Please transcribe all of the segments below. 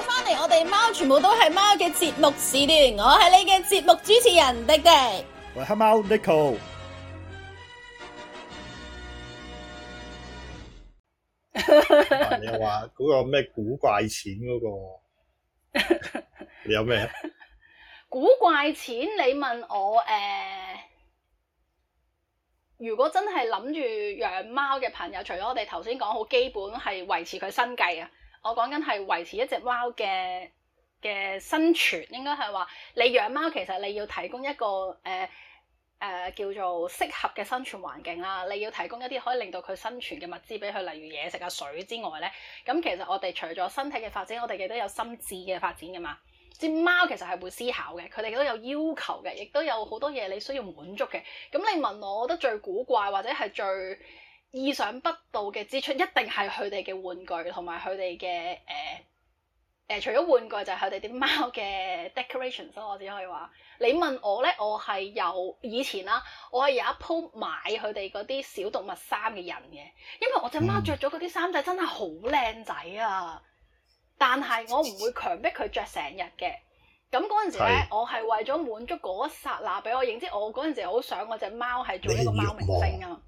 翻嚟我哋貓全部都係貓嘅節目時段，我係你嘅節目主持人迪迪。喂，黑貓 Nicole。又話嗰個咩古怪錢嗰、嗰個？ 你有咩？ 古怪錢？你問我誒、呃？如果真係諗住養貓嘅朋友，除咗我哋頭先講好基本係維持佢生計啊。我講緊係維持一隻貓嘅嘅生存，應該係話你養貓其實你要提供一個誒誒、呃呃、叫做適合嘅生存環境啦，你要提供一啲可以令到佢生存嘅物資俾佢，例如嘢食啊水，之外咧，咁其實我哋除咗身體嘅發展，我哋亦都有心智嘅發展噶嘛。隻貓其實係會思考嘅，佢哋亦都有要求嘅，亦都有好多嘢你需要滿足嘅。咁你問我，我覺得最古怪或者係最～意想不到嘅支出一定係佢哋嘅玩具，同埋佢哋嘅誒誒，除咗玩具就係佢哋啲貓嘅 decorations 咯。我只可以話，你問我咧，我係由以前啦，我係有一鋪買佢哋嗰啲小動物衫嘅人嘅，因為我隻貓着咗嗰啲衫仔真係好靚仔啊！但係我唔會強迫佢着成日嘅。咁嗰陣時咧，的我係為咗滿足嗰一剎那，俾我認知，我嗰陣時好想我隻貓係做一個貓明星啊！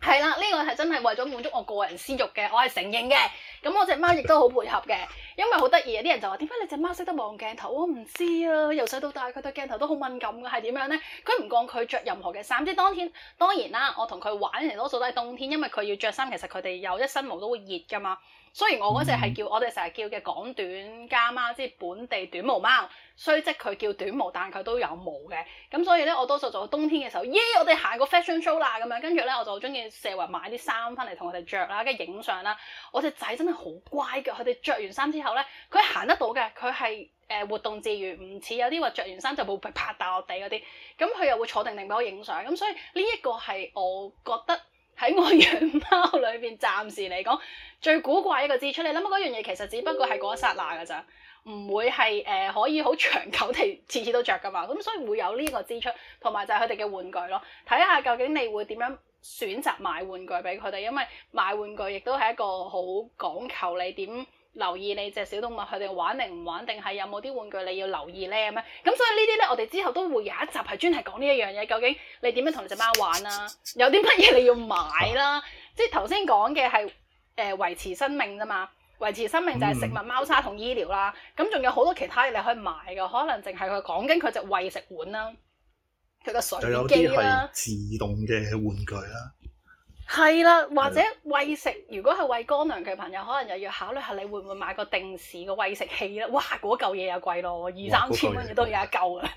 係啦，呢個係真係為咗滿足我個人私慾嘅，我係承認嘅。咁我隻貓亦都好配合嘅，因為好得意啊！啲人就話：點解你隻貓識得望鏡頭？我唔知啊！由細到大，佢對鏡頭都好敏感㗎，係點樣咧？佢唔抗拒着任何嘅衫，即係當天當然啦，我同佢玩，人多數都係冬天，因為佢要着衫，其實佢哋有一身毛都會熱㗎嘛。雖然我嗰隻係叫，我哋成日叫嘅港短家貓，即係本地短毛貓。雖則佢叫短毛，但佢都有毛嘅。咁所以咧，我多數做冬天嘅時候，咦，Yeah, 我哋行個 fashion show 啦，咁樣跟住咧，我就中意成日話買啲衫翻嚟同我哋着啦，跟住影相啦。我隻仔真係好乖嘅，佢哋着完衫之後咧，佢行得到嘅，佢係誒活動自如，唔似有啲話着完衫就會拍大落地嗰啲。咁佢又會坐定定俾我影相。咁所以呢一個係我覺得。喺我養貓裏邊，暫時嚟講最古怪一個支出，你諗下嗰樣嘢其實只不過係嗰一剎那㗎咋，唔會係誒、呃、可以好長久地次次都着㗎嘛。咁所以會有呢個支出，同埋就係佢哋嘅玩具咯。睇下究竟你會點樣選擇買玩具俾佢哋，因為買玩具亦都係一個好講求你點。留意你隻小動物佢哋玩定唔玩，定係有冇啲玩具你要留意呢？咁啊，咁所以呢啲呢，我哋之後都會有一集係專係講呢一樣嘢，究竟你點樣同隻貓玩啦、啊？有啲乜嘢你要買啦、啊？啊、即係頭先講嘅係誒維持生命啫嘛，維持生命就係食物、貓砂同醫療啦。咁仲有好多其他嘢你可以買噶，可能淨係佢講緊佢隻喂食碗啦，佢個水機啦，自動嘅玩具啦、啊。係啦，或者餵食，如果係餵乾糧嘅朋友，可能又要考慮下，你會唔會買個定時嘅餵食器咧？哇，嗰嚿嘢又貴咯，二三千蚊嘢都有一嚿啊！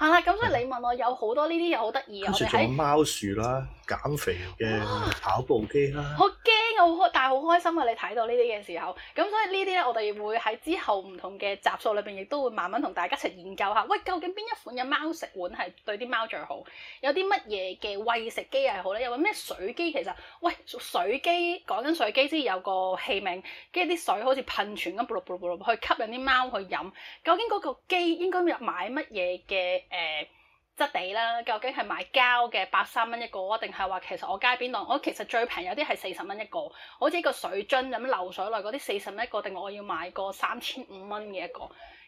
係啦，咁、嗯嗯、所以你問我有好多呢啲嘢好得意嘅，我哋喺貓樹啦、減肥嘅跑步機啦，好驚我好，但係好開心嘅、啊、你睇到呢啲嘅時候，咁所以呢啲咧，我哋會喺之後唔同嘅集數裏邊，亦都會慢慢同大家一齊研究下，喂，究竟邊一款嘅貓食碗係對啲貓最好？有啲乜嘢嘅餵食機係好咧？有冇咩水機？其實，喂，水機講緊水機先有個器皿，跟住啲水好似噴泉咁，卟碌卟碌卟碌，去吸引啲貓去飲。究竟嗰個機應該買乜嘢嘅？誒、呃、質地啦，究竟係買膠嘅八三蚊一個，定係話其實我街邊檔，我其實最平有啲係四十蚊一個，好似個水樽咁樣流水落，嗰啲四十蚊一個，定我要買個三千五蚊嘅一個？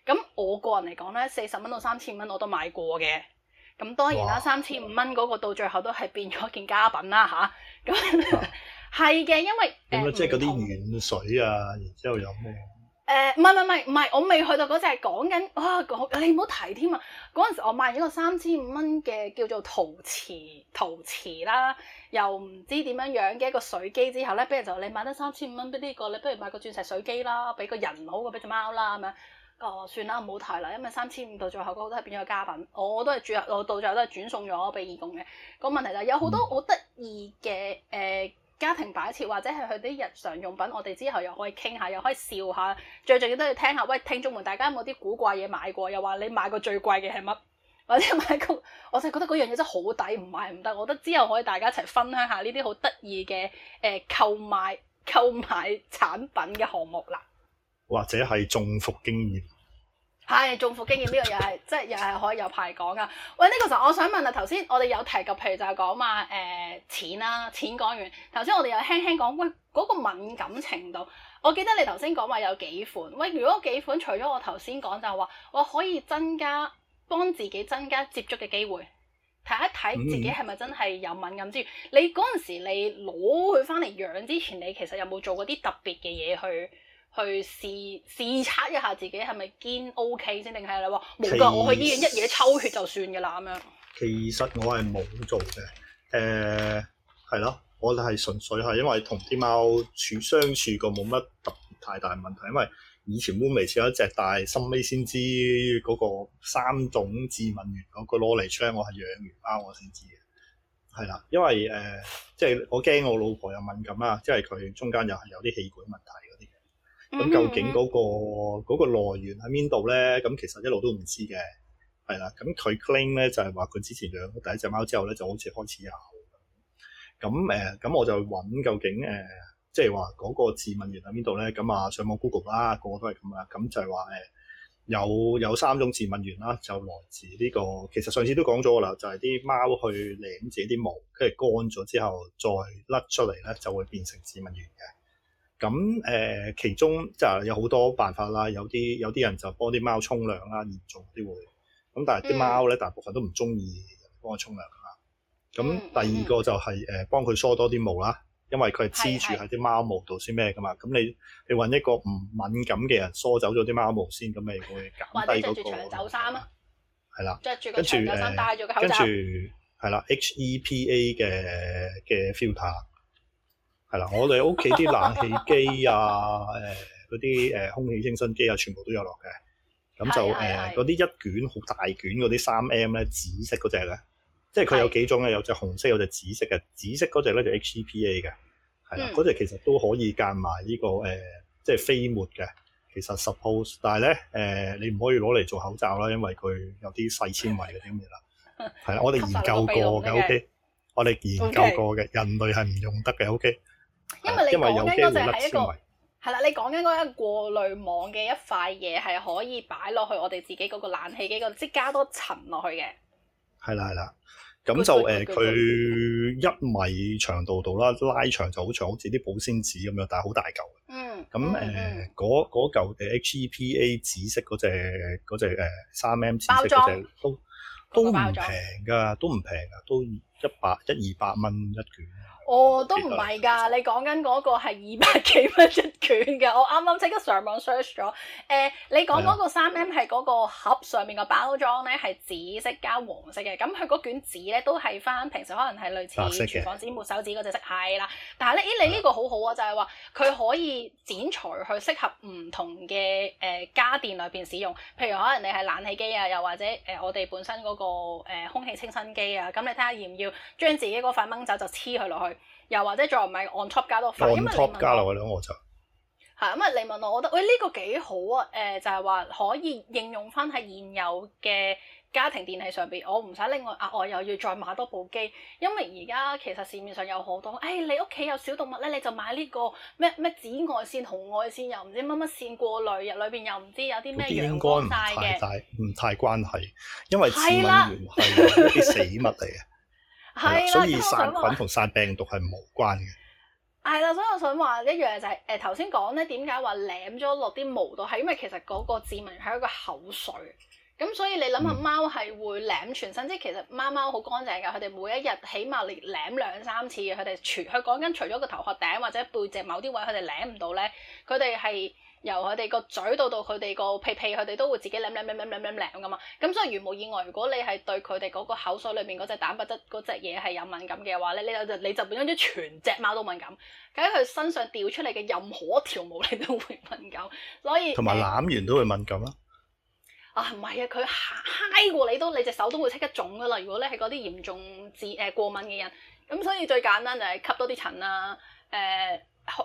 咁我個人嚟講咧，四十蚊到三千五蚊我都買過嘅。咁當然啦哇，三千五蚊嗰個到最後都係變咗件家品啦吓，咁係嘅，因為誒唔即係嗰啲軟水啊，然之後有咩？誒，唔係唔係唔係，我未去到嗰隻，講緊啊，啊，你唔好提添啊！嗰陣時我買咗個三千五蚊嘅叫做陶瓷陶瓷啦，又唔知點樣樣嘅一個水機之後咧，不如就你買得三千五蚊俾呢個，你不如買個鑽石水機啦，俾個人好過俾隻貓啦咁樣。哦、啊，算啦，唔好提啦，因為三千五到最後嗰、嗰個、都係變咗個家品，我，我都係轉我到最後都係轉送咗俾義工嘅。個問題就係、是、有好多好得意嘅誒。呃家庭擺設或者係佢啲日常用品，我哋之後又可以傾下，又可以笑下。最重要都要聽下，喂聽眾們，大家有冇啲古怪嘢買過？又話你買過最貴嘅係乜？或者買過，我就覺得嗰樣嘢真係好抵，唔買唔得。我覺得之後可以大家一齊分享下呢啲好得意嘅誒購買購買產品嘅項目啦，或者係中伏經驗。唉，中伏、哎、經驗呢、這個又係，即係又係可以有排講㗎。喂，呢、這個時候我想問啊，頭先我哋有提及，譬如就係講嘛，誒錢啦，錢講完。頭先我哋又輕輕講，喂嗰、那個敏感程度。我記得你頭先講話有幾款。喂，如果幾款除咗我頭先講就係話，我可以增加幫自己增加接觸嘅機會，睇一睇自己係咪真係有敏感之餘，你嗰陣時，你攞佢返嚟養之前，你其實有冇做過啲特別嘅嘢去？去試試測一下自己係咪堅 OK 先，定係你話冇㗎？實我去醫院一嘢抽血就算嘅啦。咁樣其實我係冇做嘅。誒係咯，我就係純粹係因為同啲貓處相處過冇乜特別太大,大問題。因為以前搬嚟試咗一隻，但係心尾先知嗰個三種致敏原嗰個攞嚟出我係養完貓我先知嘅。係啦，因為誒、呃、即係我驚我老婆又敏感啦，即係佢中間又係有啲氣管問題。咁究竟嗰個嗰個來源喺邊度咧？咁其實一路都唔知嘅，係啦。咁佢 claim 咧就係話佢之前養第一隻貓之後咧，就好似開始有。咁誒，咁我就揾究竟誒，即係話嗰個致敏源喺邊度咧？咁啊，上網 Google 啦，個個都係咁啦。咁就係話誒，有有三種致敏源啦，就來自呢個。其實上次都講咗㗎啦，就係啲貓去舐自己啲毛，跟住乾咗之後再甩出嚟咧，就會變成致敏源嘅。咁誒，其中就係有好多辦法啦。有啲有啲人就幫啲貓沖涼啦，嚴重啲會。咁但係啲貓咧，大部分都唔中意幫佢沖涼嚇。咁第二個就係誒幫佢梳多啲毛啦，因為佢係黐住喺啲貓毛度先咩噶嘛。咁你你搵一個唔敏感嘅人梳走咗啲貓毛先，咁咪會減低嗰個。或者著住長袖衫啊，係啦，著住個長袖衫，戴住個口罩，係啦，H E P A 嘅嘅 filter。係啦， 我哋屋企啲冷氣機啊，誒嗰啲誒空氣清新機啊，全部都有落嘅。咁就誒嗰啲一卷好大卷嗰啲三 M 咧，紫色嗰隻咧，即係佢有幾種嘅，是 有隻紅色，有隻紫色嘅。紫色嗰隻咧就 HEPA 嘅，係啦，嗰、e、隻、嗯、其實都可以間埋呢個誒、呃，即係飛沫嘅。其實 suppose，、嗯、但係咧誒，你唔可以攞嚟做口罩啦，因為佢有啲細纖維嗰啲嘢啦。係啊、 嗯，我哋研究過嘅，O.K.，我哋研究過嘅人類係唔用得嘅，O.K. 因為你講緊嗰隻係一個係啦，嗯、對你講緊嗰個過濾網嘅一塊嘢，係可以擺落去我哋自己嗰個冷氣機嗰度，即加多層落去嘅。係啦係啦，咁就誒，佢一米長度度啦，拉長就好長，好似啲保鮮紙咁樣，但係好大嚿。嗯。咁誒那，嗰嗰嚿 H E P A 紫色嗰隻嗰隻誒三 M 紫色嗰隻裝都都唔平噶，都唔平啊，都一百一二百蚊一卷。哦，都唔係㗎，嗯、你講緊嗰個係二百幾蚊一卷嘅。我啱啱即刻上網 search 咗，誒、呃，你講嗰個三 M 係嗰個盒上面個包裝咧係紫色加黃色嘅，咁佢嗰卷紙咧都係返平時可能係類似廚房紙、抹手紙嗰隻色，係啦。但係咧，咦、欸，你呢個好好啊，就係話佢可以剪裁去適合唔同嘅誒、呃、家電裏邊使用，譬如可能你係冷氣機啊，又或者誒、呃、我哋本身嗰、那個、呃、空氣清新機啊，咁你睇下要唔要將自己嗰塊掹走就黐佢落去。又或者再唔係按 top 加多，on top 加啦，嗰啲我就係咁啊！你問我，我覺得喂呢、哎這個幾好啊！誒、呃、就係、是、話可以應用翻喺現有嘅家庭電器上邊，我唔使另外額外、啊啊啊、又要再買多部機，因為而家其實市面上有好多誒、哎，你屋企有小動物咧，你就買呢、這個咩咩紫外線紅外線又唔知乜乜線過濾入裏邊又唔知，又知有啲咩陽光曬嘅，唔太，太關係，因為黐線唔係啊啲死物嚟嘅。 係啦，所以散菌同散病毒係無關嘅。係啦，所以我想話一樣就係、是，誒頭先講咧，點解話舐咗落啲毛度，係因為其實嗰個致敏係一個口水。咁所以你諗下，貓係會舐全身，即係、嗯、其實貓貓好乾淨㗎，佢哋每一日起碼你舐兩三次，佢哋除佢講緊除咗個頭殼頂或者背脊某啲位，佢哋舐唔到咧，佢哋係。由佢哋個嘴到到佢哋個屁屁，佢哋都會自己舐舐舐舐舐咁嘛。咁所以，如無意外，如果你係對佢哋嗰個口水裏面嗰隻蛋白質嗰隻嘢係有敏感嘅話咧，你就你就變咗啲全隻貓都敏感。喺佢身上掉出嚟嘅任何一條毛，你都會敏感。所以同埋攬完都會敏感啊！啊，唔係啊，佢嗨過你都，你隻手都會即刻腫㗎啦。如果咧係嗰啲嚴重致誒過敏嘅人，咁所以最簡單就係吸多啲塵啦、啊。誒、啊。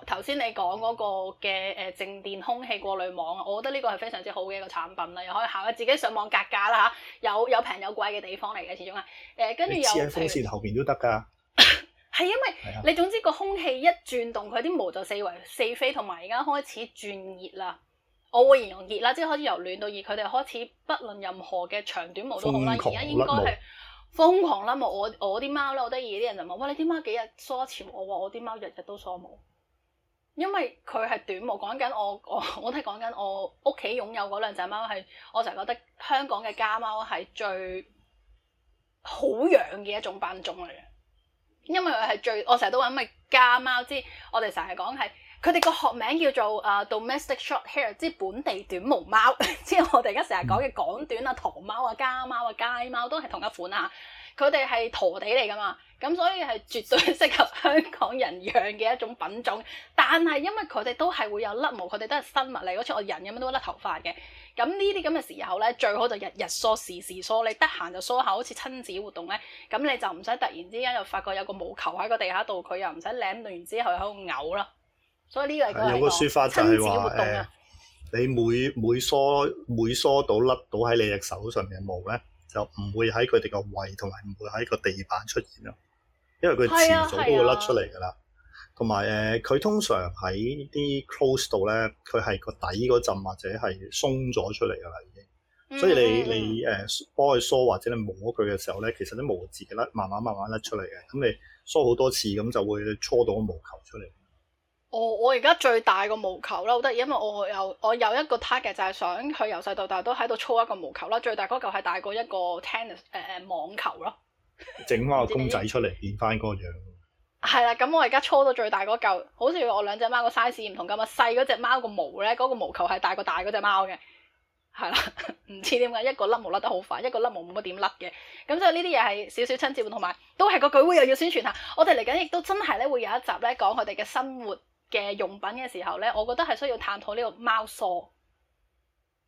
頭先你講嗰個嘅誒靜電空氣過濾網啊，我覺得呢個係非常之好嘅一個產品啦，又可以考下，自己上網格價啦嚇，有有平有貴嘅地方嚟嘅，始終啊誒跟住有黐喺風扇後邊都得噶，係因為你總之個空氣一轉動，佢啲毛就四圍四飛，同埋而家開始轉熱啦，我會形容熱啦，即係開始由暖到熱，佢哋開始不論任何嘅長短毛都好啦，而家應該係瘋狂甩毛。我我啲貓咧，我得意啲人就問，哇你啲貓幾日梳一次毛？我話我啲貓日日都梳毛。因為佢係短毛，講緊我我我都係講緊我屋企擁有嗰兩隻貓係，我成日覺得香港嘅家貓係最好養嘅一種品種嚟嘅，因為佢係最我成日都話因為家貓，即係我哋成日講係佢哋個學名叫做啊、呃、Domestic Short Hair，即係本地短毛貓，即係我哋而家成日講嘅港短啊、唐貓啊、家貓啊、街貓都係同一款啊。佢哋係陀地嚟噶嘛，咁所以係絕對適合香港人養嘅一種品種。但係因為佢哋都係會有甩毛，佢哋都係生物嚟，好似我人咁樣都甩頭髮嘅。咁呢啲咁嘅時候咧，最好就日日梳、時時梳。你得閒就梳下，好似親子活動咧。咁你就唔使突然之間又發覺有個毛球喺個地下度，佢又唔使舐完之後喺度嘔啦。所以呢個係個有個説法就係話，親子活動啊！你每每梳每梳到甩到喺你隻手上面毛咧，就唔會喺佢哋個胃同埋唔會喺個地板出現咯，因為佢遲早都會甩出嚟噶啦。同埋誒佢通常喺啲 close 度咧，佢係個底陣或者係鬆咗出嚟噶啦，已經。所以你、嗯、你誒幫佢梳或者你摸佢嘅時候咧，其實啲毛自己甩，慢慢慢慢甩出嚟嘅。咁你梳好多次，咁就會搓到個毛球出嚟。我我而家最大個毛球啦，好得意，因為我又我有一個 target 就係想佢由細到大都喺度搓一個毛球啦。最大嗰嚿係大過一個 tennis 誒誒網球咯。整翻個公仔出嚟變翻嗰個樣。係啦，咁我而家搓到最大嗰嚿，好似我兩隻貓個 size 唔同咁啊。細嗰隻貓個毛咧，嗰個毛球係大過大嗰隻貓嘅。係啦，唔知點解一個甩毛甩得好快，一個甩毛冇乜點甩嘅。咁就呢啲嘢係少少親子，同埋都係個聚會又要宣傳下。我哋嚟緊亦都真係咧會有一集咧講佢哋嘅生活。嘅用品嘅時候咧，我覺得係需要探討呢個貓梳，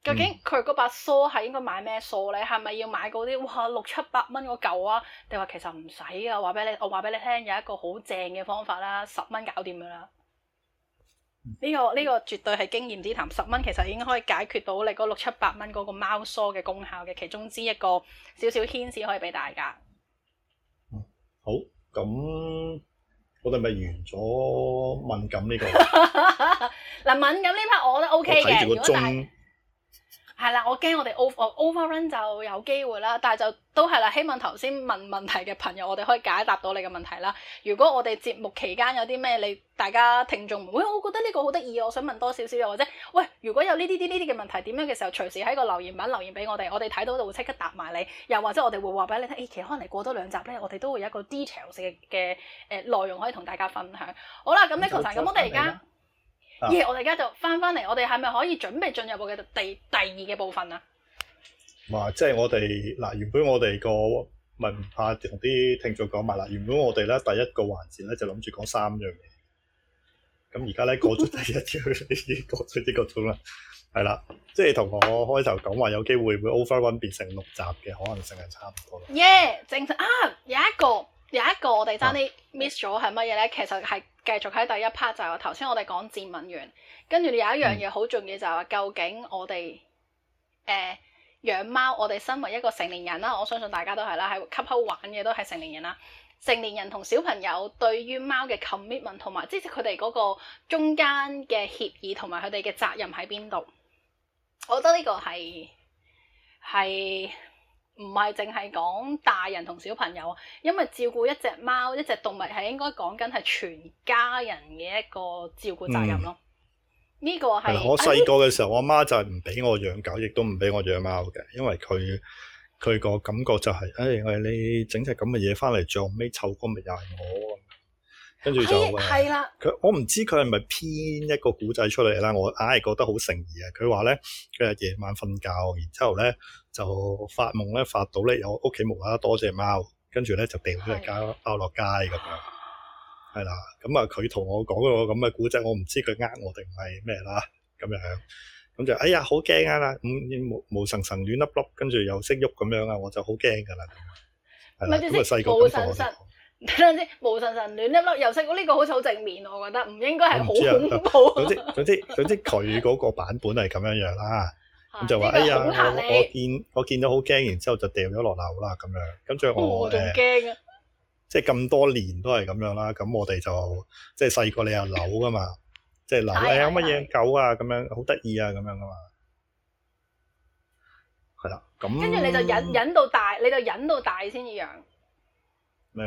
究竟佢嗰把梳係應該買咩梳咧？係咪要買嗰啲哇六七百蚊嗰嚿啊？定話其實唔使啊？話俾你，我話俾你聽，有一個好正嘅方法啦，十蚊搞掂噶啦。呢、嗯呢個呢、呢個絕對係經驗之談，十蚊其實已經可以解決到你嗰六七百蚊嗰個貓梳嘅功效嘅其中之一個，少少 hint 可以俾大家。嗯、好，咁。我哋咪完咗敏感呢個。嗱，敏感呢 part 我都 OK 嘅。睇住個鐘。係啦，我驚我哋 over overrun 就有機會啦，但係就都係啦。希望頭先問問題嘅朋友，我哋可以解答到你嘅問題啦。如果我哋節目期間有啲咩，你大家聽眾會、哎，我覺得呢個好得意，我想問多少少啊，或者喂，如果有呢啲啲呢啲嘅問題，點樣嘅時候，隨時喺個留言板留言俾我哋，我哋睇到就會即刻答埋你。又或者我哋會話俾你聽，誒、哎，其實可能嚟過多兩集呢，我哋都會有一個 details 嘅誒內容可以同大家分享。好啦，咁呢 i c h 咁我哋而家。嗯嗯嗯嗯嗯耶、啊！我哋而家就翻翻嚟，我哋係咪可以準備進入我嘅第第二嘅部分啊？嘛、啊，即係我哋嗱原本我哋個文唔怕同啲聽眾講埋啦。原本我哋咧第一個環節咧就諗住講三樣嘢，咁而家咧過咗第一樣，你 已經過咗呢個鐘啦。係啦，即係同我開頭講話有機會會 overrun 變成六集嘅可能性係差唔多啦。耶！Yeah, 正常啊，有一個。有一個我哋爭啲 miss 咗係乜嘢咧？其實係繼續喺第一 part 就係頭先我哋講致敏原，跟住有一樣嘢好重要，就係話，究竟我哋誒養貓，我哋身為一個成年人啦，我相信大家都係啦，喺吸口玩嘅都係成年人啦。成年人同小朋友對於貓嘅 commitment 同埋，即係佢哋嗰個中間嘅協議同埋佢哋嘅責任喺邊度？我覺得呢個係係。唔係淨係講大人同小朋友啊，因為照顧一隻貓、一隻動物係應該講緊係全家人嘅一個照顧責任咯。呢、嗯、個係我細個嘅時候，哎、我媽就係唔俾我養狗，亦都唔俾我養貓嘅，因為佢佢個感覺就係、是，唉、哎，我你整隻咁嘅嘢翻嚟，最後尾臭過咪又係我。跟住就係啦。佢、er, 我唔知佢係咪編一個古仔出嚟啦。我硬係覺得好誠意啊。佢話咧，佢係夜晚瞓覺，然之後咧就發夢咧發到咧有屋企無啦多隻貓，跟住咧就掉咗隻貓貓落街咁樣。係啦，咁啊佢同我講個咁嘅古仔，我唔知佢呃我定係咩啦。咁樣咁就、嗯、哎呀好驚啊！咁毛毛層層亂粒粒，跟住又識喐咁樣啊，我就好驚噶啦。係啦，咁啊細個冇神神。嗯聽我知，無神神亂一碌，又識呢個好似好正面，我覺得唔應該係好恐怖。總之總之總之佢嗰個版本係咁樣樣啦，咁就話哎呀，我我見我見到好驚，然之後就掉咗落樓啦咁樣。咁最後我，我好驚啊！即係咁多年都係咁樣啦。咁我哋就即係細個你又扭噶嘛，即係扭你有乜嘢狗啊咁樣，好得意啊咁樣噶嘛。係啦，咁跟住你就忍忍到大，你就忍到大先養咩？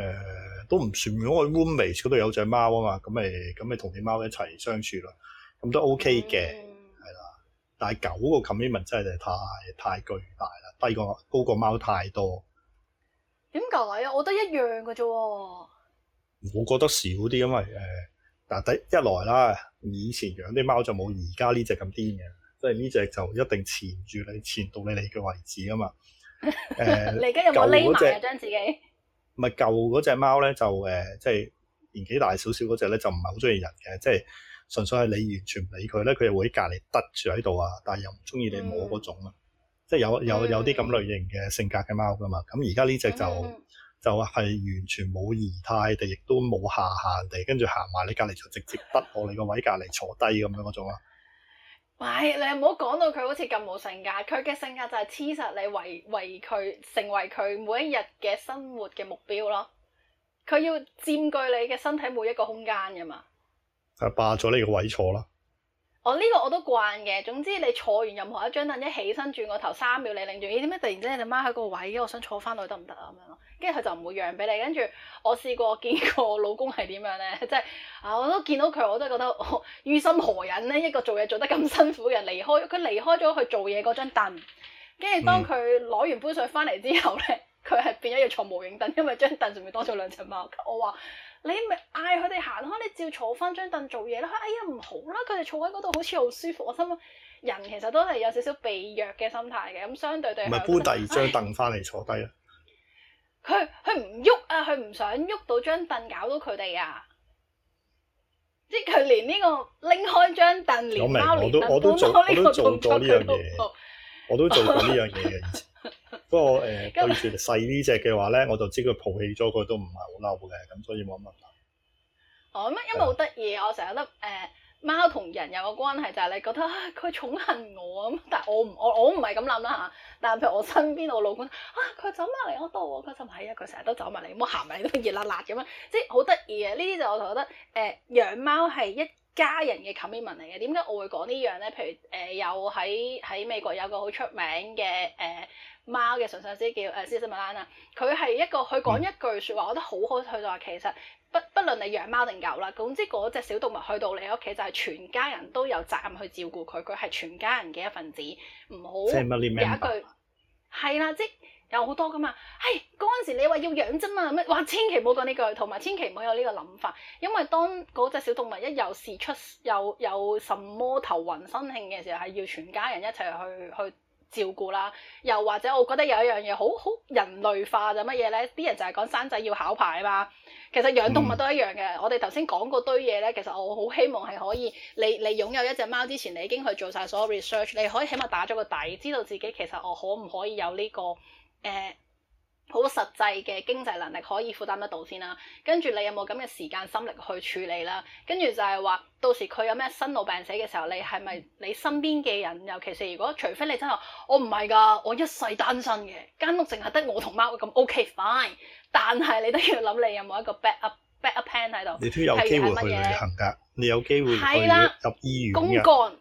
都唔算，如、那、果個 roommate 嗰度有隻貓啊嘛，咁咪咁咪同啲貓一齊相處咯，咁都 OK 嘅，係啦、嗯。但係狗個 commitment 真係太太巨大啦，低過高過貓太多。點解啊？我覺得一樣嘅啫。我覺得，我覺得少啲，因為誒，嗱第一來啦，以前養啲貓就冇而家呢隻咁癲嘅，即係呢隻就一定纏住你，纏到你嚟嘅位置啊嘛。誒、 欸，你而家有冇匿埋啊？將自己？咪舊嗰隻貓咧就誒，即係年紀大少少嗰隻咧，就唔係好中意人嘅，即係純粹係你完全唔理佢咧，佢又會喺隔籬耷住喺度啊，但係又唔中意你摸嗰種啊，嗯、即係有有有啲咁類型嘅性格嘅貓噶嘛。咁而家呢隻就、嗯、就係完全冇儀態地，亦都冇下限地，跟住行埋你隔籬就直接耷我哋個位隔籬坐低咁樣嗰種啊。喂，你唔好講到佢好似咁無性格，佢嘅性格就係黐實你為為佢成為佢每一日嘅生活嘅目標咯，佢要佔據你嘅身體每一個空間噶嘛，係霸咗你個位坐啦。我呢、哦這個我都慣嘅，總之你坐完任何一張凳，一起身轉個頭三秒你領，你擰住。咦點解突然之間你隻貓喺個位？我想坐翻落去得唔得啊？咁樣咯，跟住佢就唔會讓俾你。跟住我試過見過我老公係點樣咧，即係啊我都見到佢，我都覺得我於心何忍咧？一個做嘢做得咁辛苦嘅人離開，佢離開咗去做嘢嗰張凳，跟住當佢攞完杯水翻嚟之後咧，佢係變咗要坐無影凳，因為張凳上面多咗兩隻貓。我話。你咪嗌佢哋行開，你照坐翻張凳做嘢啦。哎呀，唔好啦，佢哋坐喺嗰度好似好舒服。我心諗，人其實都係有少少被虐嘅心態嘅。咁相對對，唔係搬第二張凳翻嚟坐低啊。佢佢唔喐啊，佢唔想喐到張凳搞到佢哋啊。即係佢連呢、這個拎開張凳明連我都我都做我做呢樣嘢，我都做過呢樣嘢。嘅不過誒，跟住細呢隻嘅話咧，我就知佢抱起咗，佢都唔係好嬲嘅，咁所以冇乜問題。哦，咁啊，因為好得意，我成日覺得誒貓同人有個關係，就係你覺得佢寵幸我咁，但係我唔我我唔係咁諗啦嚇。但係譬如我身邊我老公啊，佢走埋嚟我度，佢就係啊，佢成日都走埋嚟，冇行埋嚟都熱辣辣咁樣，即係好得意啊！呢啲就我覺得誒養貓係一家人嘅 companion 嚟嘅。點解我會講呢樣咧？譬如誒有喺喺美國有個好出名嘅誒。貓嘅馴獸師叫誒 Cesar Milan 啊，佢、呃、係一個佢講一句説話，我覺得好好。佢就話其實不不論你養貓定狗啦，總之嗰隻小動物去到你屋企就係、是、全家人都有責任去照顧佢，佢係全家人嘅一份子。唔好有一句係啦，即、嗯就是、有好多㗎嘛。唉、哎，嗰陣時你話要養啫嘛，咩話千祈唔好講呢句，同埋千祈唔好有呢個諗法，因為當嗰隻小動物一有事出有有什麼頭暈身興嘅時候，係要全家人一齊去去。去照顧啦，又或者我覺得有一樣嘢好好人類化就乜嘢咧？啲人就係講生仔要考牌啊嘛，其實養動物都一樣嘅。我哋頭先講個堆嘢咧，其實我好希望係可以，你你擁有一隻貓之前，你已經去做晒所有 research，你可以起碼打咗個底，知道自己其實我可唔可以有呢個誒。呃好實際嘅經濟能力可以負擔得到先啦、啊，跟住你有冇咁嘅時間心力去處理啦？跟住就係話到時佢有咩生老病死嘅時候，你係咪你身邊嘅人？尤其是如果除非你真係話我唔係噶，我一世單身嘅間屋淨係得我同貓會咁，OK fine。但係你都要諗你有冇一個 back up back up plan 喺度，你都有機會去行㗎。你有機會可以入醫院公幹。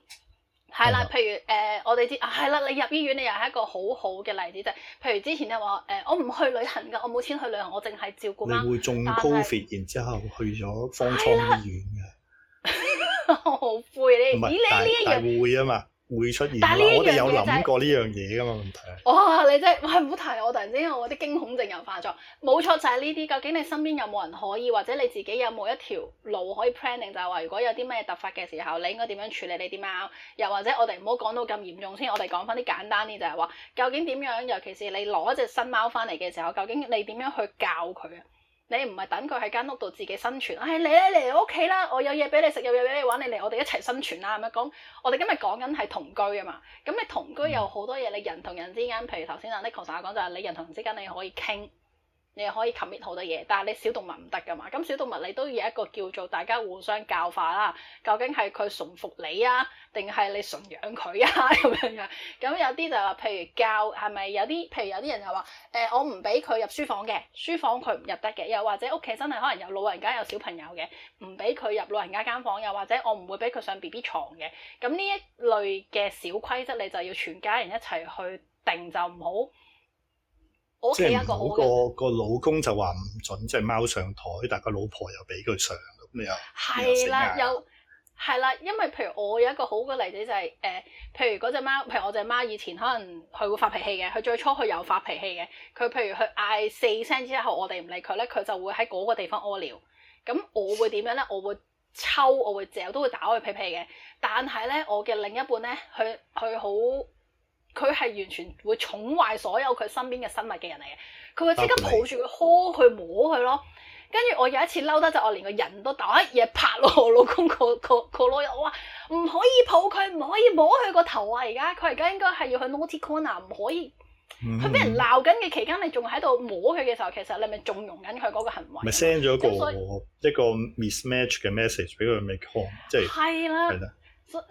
係啦，譬如誒、呃，我哋知係啦、啊，你入醫院你又係一個好好嘅例子，就係譬如之前你話誒，我唔去旅行㗎，我冇錢去旅行，我淨係照顧媽，但你會中 Covid，是然之後去咗方艙醫院嘅，好攰吧 你，唔是你呢一樣會啊嘛。會出現，但就是、我哋有諗過呢樣嘢㗎嘛，問題？哇、哦！你真係喂、唔好提我，突然之間我啲驚恐症又發作。冇錯，就係呢啲。究竟你身邊有冇人可以，或者你自己有冇一條路可以 planning，就係話如果有啲咩突發嘅時候，你應該點樣處理你啲貓？又或者我哋唔好講到咁嚴重先，我哋講返啲簡單啲，就係話究竟點樣？尤其是你攞隻新貓返嚟嘅時候，究竟你點樣去教佢啊？你唔係等佢喺間屋度自己生存，係、哎、你嚟嚟，我屋企啦，我有嘢俾你食，有嘢俾你玩，你嚟我哋一齊生存啦。咁樣講，我哋今日講緊係同居啊嘛，咁你同居有好多嘢，你人同人之間，譬如頭先阿 Nick 教授講就係你人同人之間你可以傾。你可以 commit 好多嘢，但係你小動物唔得噶嘛？咁小動物你都要一個叫做大家互相教化啦。究竟係佢馴服你啊，定係你馴養佢啊咁樣嘅？咁 有啲就話，譬如教係咪有啲？譬如有啲人就話，誒、呃、我唔俾佢入書房嘅，書房佢唔入得嘅。又或者屋企真係可能有老人家有小朋友嘅，唔俾佢入老人家間房。又或者我唔會俾佢上 B B 床嘅。咁呢一類嘅小規則，你就要全家人一齊去定就唔好。Okay, 即係唔好個個老公就話唔準，即係隻貓上台，但個老婆又俾佢上咁樣。係啦後，的醒醒有係啦，因為譬如我有一個好嘅例子就係、是、誒、呃，譬如嗰隻貓，譬如我隻貓以前可能佢會發脾氣嘅，佢最初佢有發脾氣嘅，佢譬如佢嗌四聲之後，我哋唔理佢咧，佢就會喺嗰個地方屙尿。咁我會點樣咧？我會抽，我會嚼，都會打開佢屁屁嘅。但係咧，我嘅另一半咧，佢佢好。佢係完全會寵壞所有佢身邊嘅生物嘅人嚟嘅，佢會即刻抱住佢呵，去摸佢咯。跟住我有一次嬲得就我連個人都打嘢、哎、拍落我老公個個個腦我話唔可以抱佢，唔可以摸佢個頭啊！而家佢而家應該係要去 naughty corner，唔可以。佢俾、嗯、人鬧緊嘅期間，你仲喺度摸佢嘅時候，其實你咪縱容緊佢嗰個行為。咪 send 咗一個一個 mismatch 嘅 message 俾佢 make 即係係啦。的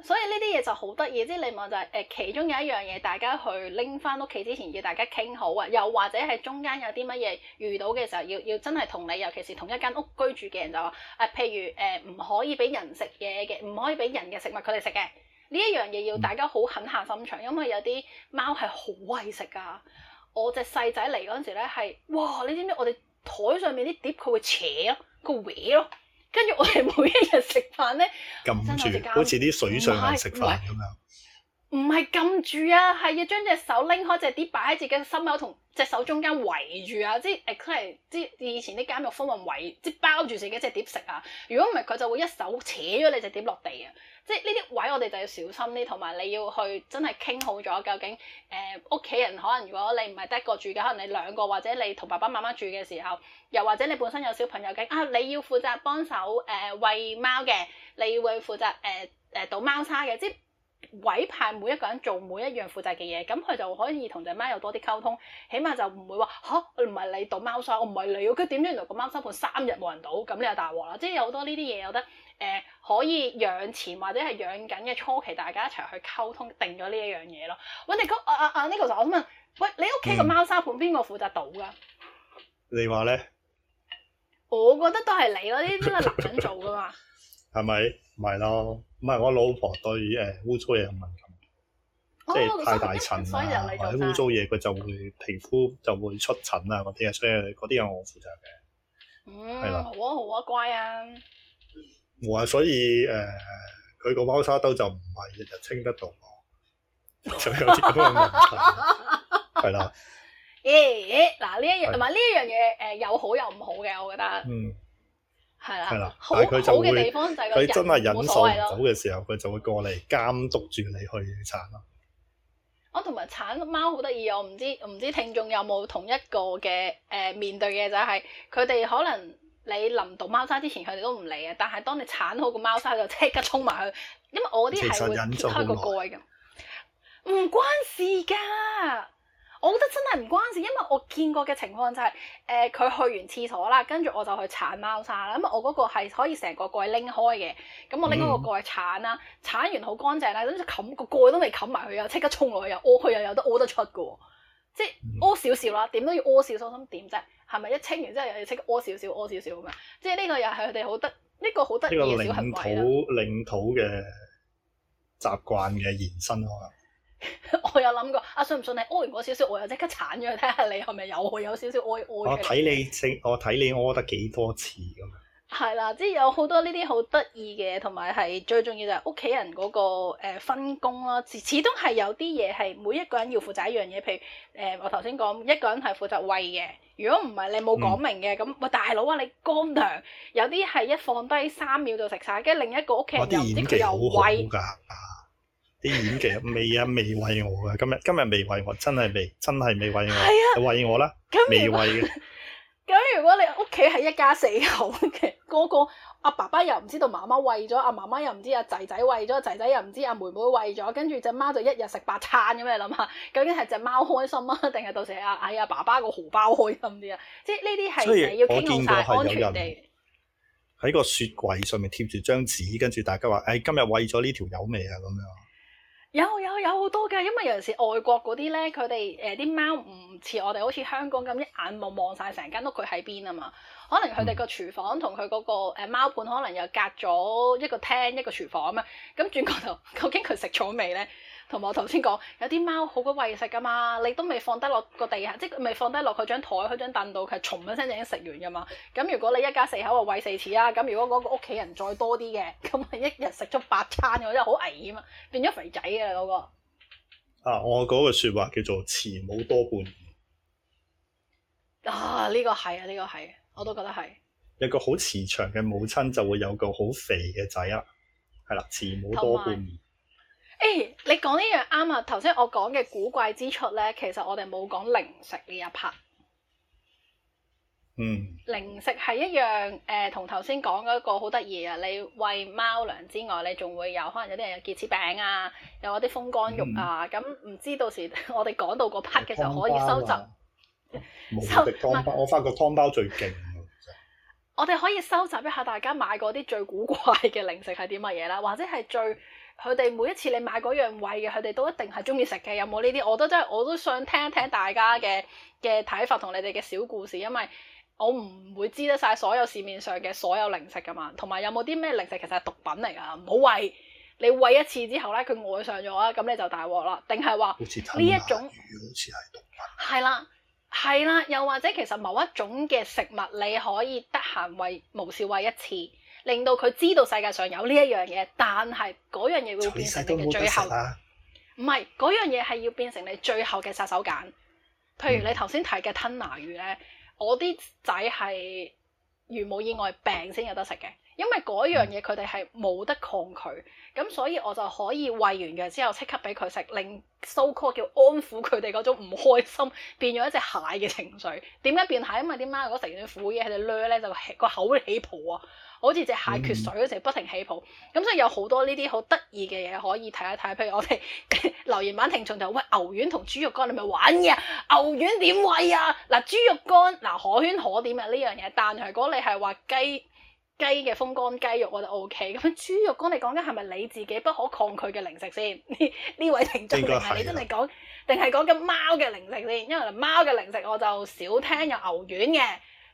所以呢啲嘢就好得意，即係你望就係、是、誒，其中有一樣嘢，大家去拎翻屋企之前要大家傾好啊，又或者係中間有啲乜嘢遇到嘅時候，要要真係同你，尤其是同一間屋居住嘅人就話誒、呃，譬如誒唔、呃、可以俾人食嘢嘅，唔可以俾人嘅食物佢哋食嘅呢一樣嘢，要大家好狠下心腸，因為有啲貓係好餵食㗎。我隻細仔嚟嗰陣時咧，係哇，你知唔知我哋枱上面啲碟佢會扯咯，佢歪咯。跟住我哋每一日食飯咧，撳住好似啲水上人食飯咁樣。唔係撳住啊，係要將隻手拎開隻碟，擺喺自己嘅心口同隻手中間圍住啊！即係誒，佢係啲以前啲監獄風雲圍即係包住自己隻碟食啊！如果唔係，佢就會一手扯咗你隻碟落地啊！即係呢啲位我哋就要小心啲，同埋你要去真係傾好咗究竟誒屋企人可能如果你唔係得一個住嘅，可能你兩個或者你同爸爸媽媽住嘅時候，又或者你本身有小朋友嘅啊，你要負責幫手誒餵貓嘅，你會負責誒誒倒貓砂嘅，即係委派每一個人做每一樣負責嘅嘢，咁佢就可以同隻貓有多啲溝通，起碼就唔會話吓，唔係你倒貓砂，我唔係你佢跟點知原來個貓砂盤三日冇人倒，咁你就大鑊啦，即係有好多呢啲嘢有得。誒可以養前或者係養緊嘅初期，大家一齊去溝通定咗呢一樣嘢咯。喂，你哥阿阿阿 Nicholas 我想問，喂，你屋企嘅貓砂盤邊個負責到噶？你話咧？我覺得都係你都是是咯，啲因為係男人做噶嘛。係咪？唔係咯，唔係我老婆對誒污糟嘢敏感，即係太大塵、啊啊、人所塵，或者污糟嘢佢就會皮膚就會出疹啊嗰啲啊，所以嗰啲嘢我負責嘅。嗯，啦吧、啊，好啊好啊，乖啊！所以誒，佢個貓沙兜就唔係日日清得到，就 有咁樣問題，係啦 的。咦、欸？嗱呢一樣同埋呢一樣嘢，誒有好有唔好嘅，我覺得，嗯，係啦的，係啦好。嘅地方，就係佢真係忍受唔到嘅時候，佢、啊、就會過嚟監督住你去鏟咯、啊。我同埋鏟貓好得意，我唔知唔知聽眾有冇同一個嘅誒面對嘅就係佢哋可能。你臨倒貓砂之前，佢哋都唔理啊。但係當你鏟好個貓砂，佢就即刻沖埋去。因為我啲係會開個蓋嘅，唔關事㗎。我覺得真係唔關事，因為我見過嘅情況就係、是，誒、呃、佢去完廁所啦，跟住我就去鏟貓砂啦。咁我嗰個係可以成個蓋拎開嘅，咁我拎開個蓋鏟啦，鏟、嗯、完好乾淨啦，咁就冚個蓋，蓋都未冚埋佢又即刻衝落去又屙，佢又有得，屙得，得，得出㗎喎。即係屙少少啦，點都要屙少少，點啫？係咪一清完之後又要即刻屙少少、屙少少咁樣？即係呢個又係佢哋好得，呢、這個好得意嘅小習慣。領土領土嘅習慣嘅延伸咯。我, 我有諗過，阿、啊、信唔信你屙完嗰少少，我又即刻鏟咗佢睇下你係咪又有有少少屙屙嘅。我睇你清，我睇你屙得幾多次咁係啦，即係有好多呢啲好得意嘅，同埋係最重要就係屋企人嗰個分工啦。始始終係有啲嘢係每一個人要負責一樣嘢，譬如誒、呃、我頭先講一個人係負責餵嘅。如果唔係你冇講明嘅，咁、嗯、喂，大佬啊，你乾糧有啲係一放低三秒就食晒。跟住另一個屋企人又呢個又餵㗎。啲演技未 啊未餵我㗎，今日今日未餵我，真係未真係未餵我。係啊，你餵我啦，未餵 咁如果你屋企係一家四口嘅，嗰個阿、啊、爸爸又唔知道媽媽餵咗，阿、啊、媽媽又唔知阿仔仔餵咗，仔仔又唔知阿妹妹餵咗，跟住隻貓就一日食八餐咁，你諗下，究竟係隻貓開心啊，定係到時阿哎呀爸爸個荷包開心啲啊？即係呢啲係要傾好安全地。喺個雪櫃上面貼住張紙，跟住大家話：誒、哎、今日餵咗呢條友未啊？咁樣。有有有好多嘅，因為有陣時外國嗰啲咧，佢哋誒啲貓唔似我哋，好似香港咁一眼望望晒成間屋佢喺邊啊嘛。可能佢哋個廚房同佢嗰個誒貓盤，可能又隔咗一個廳一個廚房啊嘛。咁轉角頭，究竟佢食咗未咧？同埋我頭先講，有啲貓好鬼餵食㗎嘛，你都未放低落個地下，即係未放低落佢張台、佢張凳度，佢係叢一聲就已經食完㗎嘛。咁如果你一家四口就餵四次啦、啊。咁如果嗰個屋企人再多啲嘅，咁啊一日食足八餐嘅話，真係好危險啊，嗰個、變咗肥仔啊嗰個。啊！我嗰個説話叫做慈母多半兒。啊！呢、呢個係啊，呢、呢個係，我都覺得係。一個好慈祥嘅母親就會有個好肥嘅仔啊。係啦，慈母多半兒。誒，hey, 你講呢樣啱啊！頭先我講嘅古怪之處咧，其實我哋冇講零食呢一 part。嗯。零食係一樣誒，同頭先講嗰個好得意啊！你餵貓糧之外，你仲會有可能有啲人有潔齒餅啊，有嗰啲風乾肉啊，咁唔、嗯啊、知到時我哋講到嗰 part 嘅時候可以收集。啊、無敵湯包，收我發覺湯包最勁啊、就是！ 我哋可以收集一下大家買過啲最古怪嘅零食係啲乜嘢啦，或者係最。佢哋每一次你買嗰樣餵嘅，佢哋都一定係中意食嘅。有冇呢啲？我都真係我都想聽一聽大家嘅嘅睇法同你哋嘅小故事，因為我唔會知得晒所有市面上嘅所有零食㗎嘛。同埋有冇啲咩零食其實係毒品嚟㗎？唔好餵，你餵一次之後咧，佢愛上咗啦，咁你就大鑊啦。定係話呢一種係毒品？係啦，係啦，又或者其實某一種嘅食物，你可以得閒餵，無事餵一次。令到佢知道世界上有呢一樣嘢，但係樣嘢會變成你嘅最後，唔係，樣嘢係要變成你最後嘅殺手鐧。譬如你頭先提嘅吞拿魚咧，我啲仔係，如冇意外病先有得食嘅。因為嗰樣嘢佢哋係冇得抗拒，咁所以我就可以餵完嘅之後即刻俾佢食，令 so called 叫安撫佢哋嗰種唔開心變咗一隻蟹嘅情緒。點解變蟹？因為啲貓如果食完苦嘢喺度嘰咧，就個口起泡啊，好似隻蟹缺水嗰時不停起泡。咁所以有好多呢啲好得意嘅嘢可以睇一睇。譬如我哋留言版，聽眾就話：牛丸同豬肉乾你咪玩嘢，牛丸點餵啊？嗱豬肉乾嗱可圈可點啊呢樣嘢。但係如果你係話雞。雞嘅風乾雞肉我就 O K，咁豬肉乾你講緊係咪你自己不可抗拒嘅零食先？呢 呢位聽眾，係咪你真係講，定係講緊貓嘅零食先？因為貓嘅零食我就少聽，有牛丸嘅，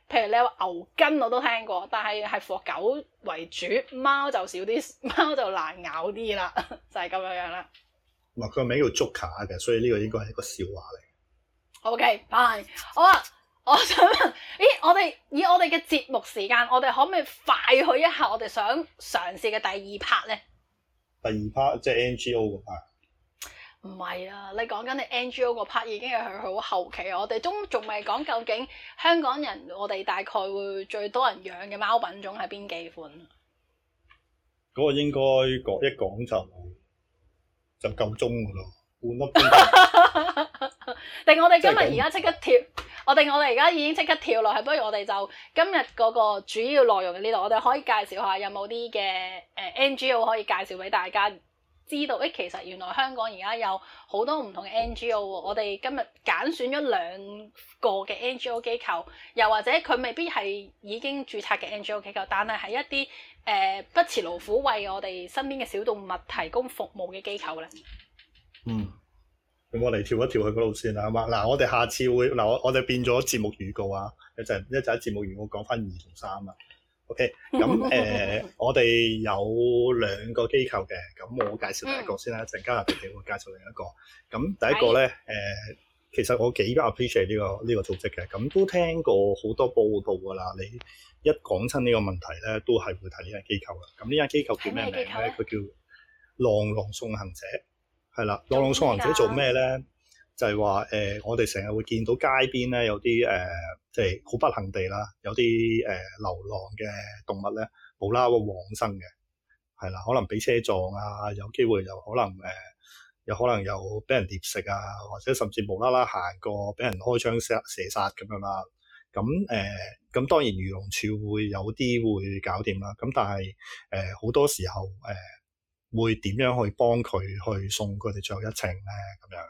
譬如你有牛筋我都聽過，但係係馴狗為主，貓就少啲，貓就難咬啲啦，就係、是、咁樣樣啦。哇！佢個名叫 Joker 嘅，所以呢個應該係一個笑話嚟。O K，拜拜好啊。我想問，咦？我哋以我哋嘅節目時間，我哋可唔可以快去一下我哋想嘗試嘅第二 part 咧？第二 part 即係 NGO 個 part，唔係啊！你講緊你 NGO 個 part 已經係佢好後期，啊。我哋都仲未講究竟香港人我哋大概會最多人養嘅貓品種係邊幾款？嗰個應該講一講就就夠鐘噶咯，半粒，半粒，半粒。 定我哋今日而家即刻跳。我哋我哋而家已經即刻跳落去。不如我哋就今日嗰個主要內容喺呢度，我哋可以介紹下有冇啲嘅誒 NGO 可以介紹俾大家知道。誒，其實原來香港而家有好多唔同嘅 NGO。我哋今日揀選咗兩個嘅 NGO 機構，又或者佢未必係已經註冊嘅 NGO 機構，但係喺一啲誒、呃、不辭勞苦為我哋身邊嘅小動物提供服務嘅機構咧。嗯。咁我哋調一調佢嗰度先啦，好嘛？嗱，我哋下次會嗱，我我哋變咗節目預告啊！一陣一陣喺節目預告講翻二同三啦。OK，咁誒，呃、 我哋有兩個機構嘅，咁我介紹第一個先啦，一陣加入隊長會介紹另一個。咁 第一個咧，誒、呃，其實我幾 appreciate 呢個呢、呢個組織嘅，咁都聽過好多報導㗎啦。你一講親呢個問題咧，都係會睇呢間機構啦。咁呢間機構叫咩名咧？佢叫浪浪送行者。係啦，浪浪送行者做咩咧？就係話誒，我哋成日會見到街邊咧，有啲誒，即係好不幸地啦，有啲誒、呃、流浪嘅動物咧，冇啦啦往生嘅。係啦，可能俾車撞啊，有機會又可能誒，有、呃、可能又俾人掠食啊，或者甚至無啦啦行過俾人開槍射射殺咁樣啦。咁誒，咁、呃、當然漁農署會有啲會搞掂啦、啊。咁但係誒好多時候誒。呃會點樣去幫佢去送佢哋最後一程咧？咁樣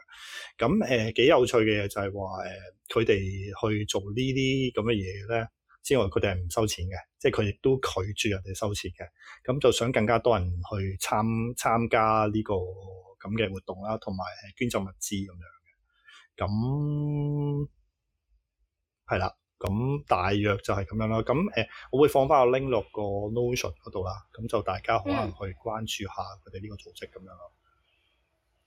咁誒，幾、呃、有趣嘅嘢就係話，誒、呃，佢哋去做這些這些呢啲咁嘅嘢咧，之外佢哋係唔收錢嘅，即係佢亦都拒絕人哋收錢嘅，咁就想更加多人去參參加呢、這個咁嘅活動啦，同埋捐贈物資咁樣嘅，咁係啦。咁大約就係咁樣啦。咁誒、欸，我會放翻個 link 落個 Notion 嗰度啦。咁就大家可能去關注下佢哋呢個組織咁樣咯。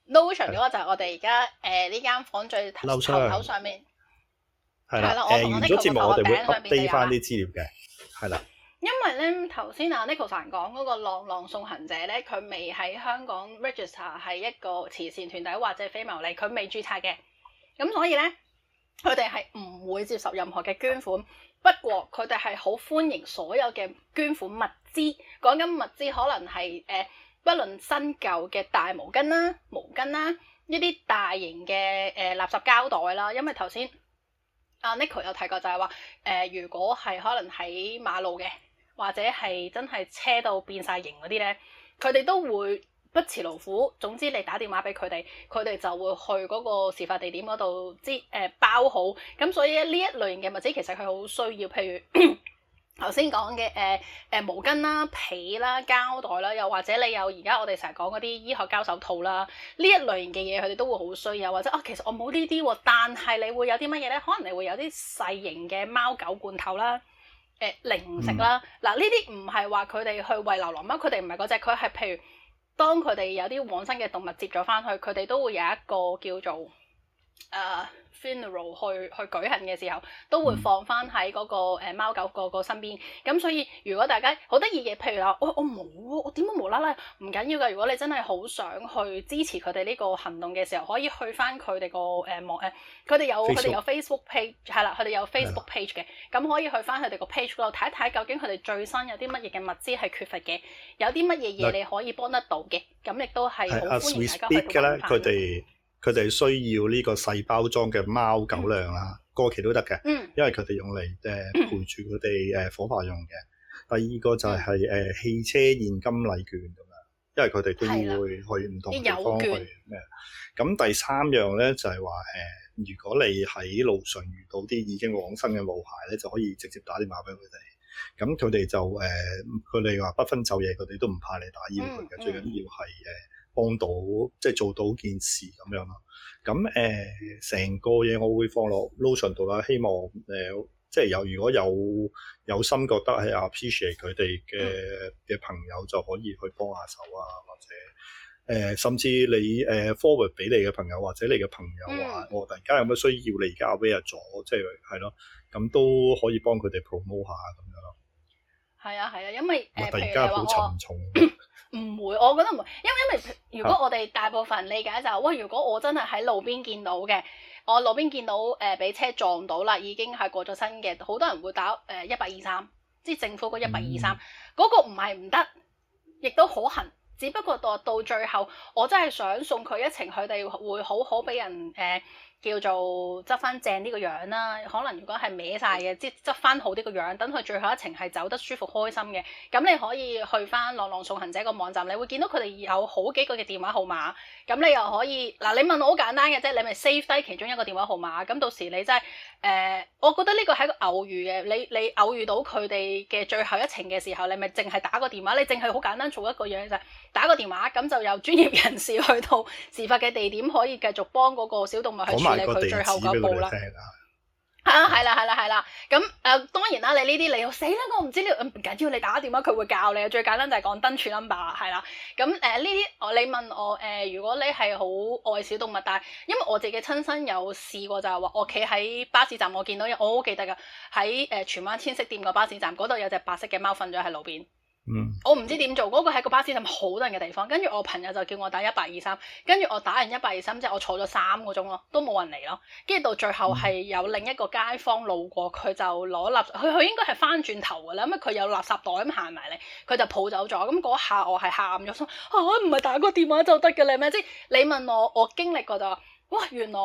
Notion 嗰個就係我哋而家誒呢間房間最頭，星頭頭上面係啦。誒完咗節目我哋、嗯、頭髮 會 update 翻啲資料嘅。係啦。因為咧頭先阿 Nicholson 講嗰個浪浪送行者咧，佢未喺香港 register 係一個慈善團體或者非牟利，佢未註冊嘅。咁所以咧。佢哋係唔會接受任何嘅捐款，不過佢哋係好歡迎所有嘅捐款物資。講緊物資，可能係誒、呃，不論新舊嘅大毛巾啦、毛巾啦，一啲大型嘅誒、呃、垃圾膠袋啦。因為頭先啊 Nico 有提過就，就係話誒，如果係可能喺馬路嘅，或者係真係車到變晒形嗰啲咧，佢哋都會，不辭勞苦，總之你打電話俾佢哋，佢哋就會去嗰個事發地點嗰度，之誒包好。咁所以呢一類型嘅物資其實佢好需要，譬如頭先講嘅誒誒毛巾啦、被啦、膠袋啦，又或者你有而家我哋成日講嗰啲醫學膠手套啦，呢一類型嘅嘢佢哋都會好需要。或者哦，其實我冇呢啲喎，但係你會有啲乜嘢咧？可能你會有啲細型嘅貓狗罐頭啦、誒、呃、零食啦。嗱、嗯，呢啲唔係話佢哋去餵流浪貓，佢哋唔係嗰隻，佢係譬如。當佢哋有啲往生嘅動物接咗翻去，佢哋都會有一個叫做誒。Uh funeral 去去舉行嘅時候，都會放翻喺嗰個誒貓、嗯、貓狗個個身邊。咁所以，如果大家好得意嘅，譬如話，我我冇，我點解無啦啦？唔緊要㗎。如果你真係好想去支持佢哋呢個行動嘅時候，可以去翻佢哋個誒網誒，佢、呃、哋有佢哋有、有 Facebook page，係啦，佢哋有 Facebook page 嘅。咁的可以去翻佢哋個 page 度睇一睇，究竟佢哋最新有啲乜嘢嘅物資係缺乏嘅，有啲乜嘢嘢你可以幫得到嘅。咁亦都係好歡迎大家去。佢哋需要呢個細包裝嘅貓狗糧啦，嗯、過期都得嘅，嗯、因為佢哋用嚟誒、呃、陪住佢哋誒火化用嘅。嗯、第二個就係、是、誒、呃、汽車現金禮券咁樣，因為佢哋都會去唔同地方、嗯、去咩。咁、嗯嗯、第三樣咧就係話誒，如果你喺路上遇到啲已經往生嘅毛孩咧，就可以直接打電話俾佢哋。咁佢哋就誒，佢哋話不分晝夜，佢哋都唔怕你打擾佢嘅。最緊要係誒。嗯嗯幫到即係做到件事咁樣咯。咁誒成個嘢，我會放落 Notion 度啦。希望誒、呃、即係有，如果有有心覺得係 Appreciate 佢哋嘅嘅、嗯、朋友，就可以去幫下手啊，或者誒、呃，甚至你誒、呃、Forward 俾你嘅朋友，或者你嘅朋友話我、嗯哦、突然間有乜需要，你而家 Available 咗，即係係咯，咁都可以幫佢哋 Promote 下咁樣咯。係啊係啊，因為、呃、譬如話我突然間好沉重。 唔會，我覺得唔會，因因為如果我哋大部分理解就係，喂！如果我真係喺路邊見到嘅，我路邊見到誒俾、呃、車撞到啦，已經係過咗身嘅，好多人會打誒一百二三，呃、123，即係政府嗰一百二三，嗰個唔係唔得，亦都可行，只不過到到最後，我真係想送佢一程，佢哋會好好俾人誒。呃叫做執翻正呢個樣啦，可能如果係歪晒嘅，即係執翻好呢個樣，等佢最後一程係走得舒服開心嘅。咁你可以去翻浪浪送行者個網站，你會見到佢哋有好幾個嘅電話號碼。咁你又可以嗱，你問我好簡單嘅啫，你咪 save 低其中一個電話號碼。咁到時你真係誒，我覺得呢個係個偶遇嘅，你你偶遇到佢哋嘅最後一程嘅時候，你咪淨係打個電話，你淨係好簡單做一個樣就打個電話，咁就由專業人士去到事發嘅地點，可以繼續幫嗰個小動物去。嚟佢最後嗰步啦，啊，係啦，係啦，係啦，咁誒、呃、當然啦，你呢啲你又死啦，我唔知你唔緊要，你打電話佢會教你，最簡單就係講燈柱 number，係啦，咁誒呢啲我你問我誒、呃，如果你係好愛小動物，但係因為我自己親身有試過就係、是、話，我企喺巴士站，我見到我好記得噶，喺誒荃灣千色店個巴士站嗰度有隻白色嘅貓瞓咗喺路邊。我唔知點做，嗰個喺個巴士站好多人嘅地方，跟住我朋友就叫我打一八二三，跟住我打完一八二三，即係我坐咗三個鐘咯，都冇人嚟咯，跟住到最後係有另一個街坊路過，佢就攞垃圾，圾佢佢應該係翻轉頭噶啦，咁啊佢有垃圾袋咁行埋嚟，佢就抱走咗，咁嗰下我係喊咗，吓唔係打個電話就得嘅咧，咩？即先？你問我，我經歷過就話哇，原來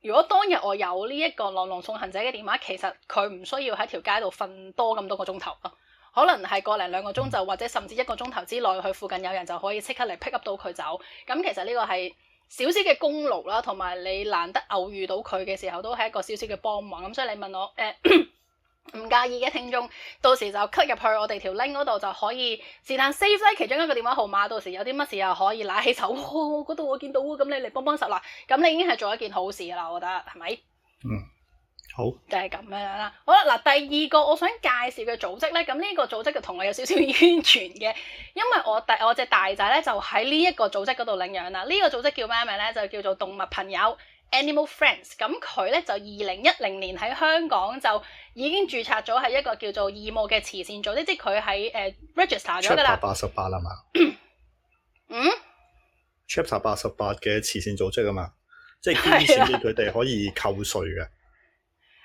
如果當日我有呢一個浪浪送行者嘅電話，其實佢唔需要喺條街度瞓多咁多個鐘頭咯。可能係過嚟兩個鐘就，或者甚至一個鐘頭之內，佢附近有人就可以即刻嚟 pick up 到佢走。咁、嗯、其實呢個係少少嘅功勞啦，同埋你難得偶遇到佢嘅時候，都係一個少少嘅幫忙。咁、嗯、所以你問我，誒、呃、唔 介意嘅聽眾，到時就 cut 入去我哋條 link 度就可以，是但 save 低其中一個電話號碼，到時有啲乜事又可以攞起手，嗰、哦、度我見到啊，咁你嚟幫幫實啦，咁你已經係做一件好事啦，我覺得係咪？嗯。好就係咁樣啦，好啦，嗱，第二個我想介紹嘅組織咧，咁呢個組織就同我有少少淵源嘅，因為我第我隻大仔咧就喺呢一個組織嗰度領養啦。呢、這個組織叫咩名咧？就叫做動物朋友 Animal Friends。咁佢咧就二零一零年喺香港就已經註冊咗係一個叫做義務嘅慈善組織，即係佢喺誒 register 咗噶啦。Chapter 八十八啊嘛。嗯。Chapter 八十八嘅慈善組織啊嘛，即係捐錢俾佢哋可以扣稅嘅對了。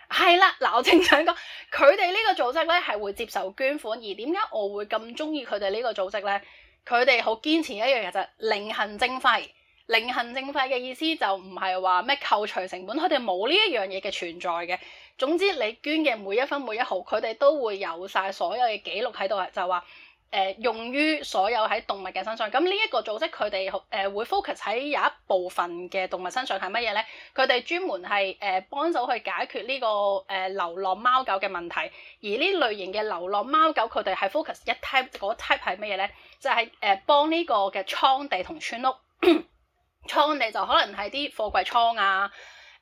係啦，嗱，我正想講，佢哋呢個組織咧係會接受捐款，而點解我會咁中意佢哋呢個組織咧？佢哋好堅持一樣嘢就係、零行政費，零行政費嘅意思就唔係話咩扣除成本，佢哋冇呢一樣嘢嘅存在嘅。總之，你捐嘅每一分每一毫，佢哋都會有晒所有嘅記錄喺度，就話誒、呃、用於所有喺動物嘅身上。咁呢一個組織佢哋誒會 focus 喺有一部分嘅動物身上係乜嘢咧？佢哋專門係誒、呃、幫手去解決呢、這個誒、呃、流浪貓狗嘅問題。而呢類型嘅流浪貓狗，佢哋係 focus 一、那個、type 嗰 type 係乜嘢咧？就係、是、誒、呃、幫呢個嘅倉地同村屋倉地，就可能係啲貨櫃倉啊，誒、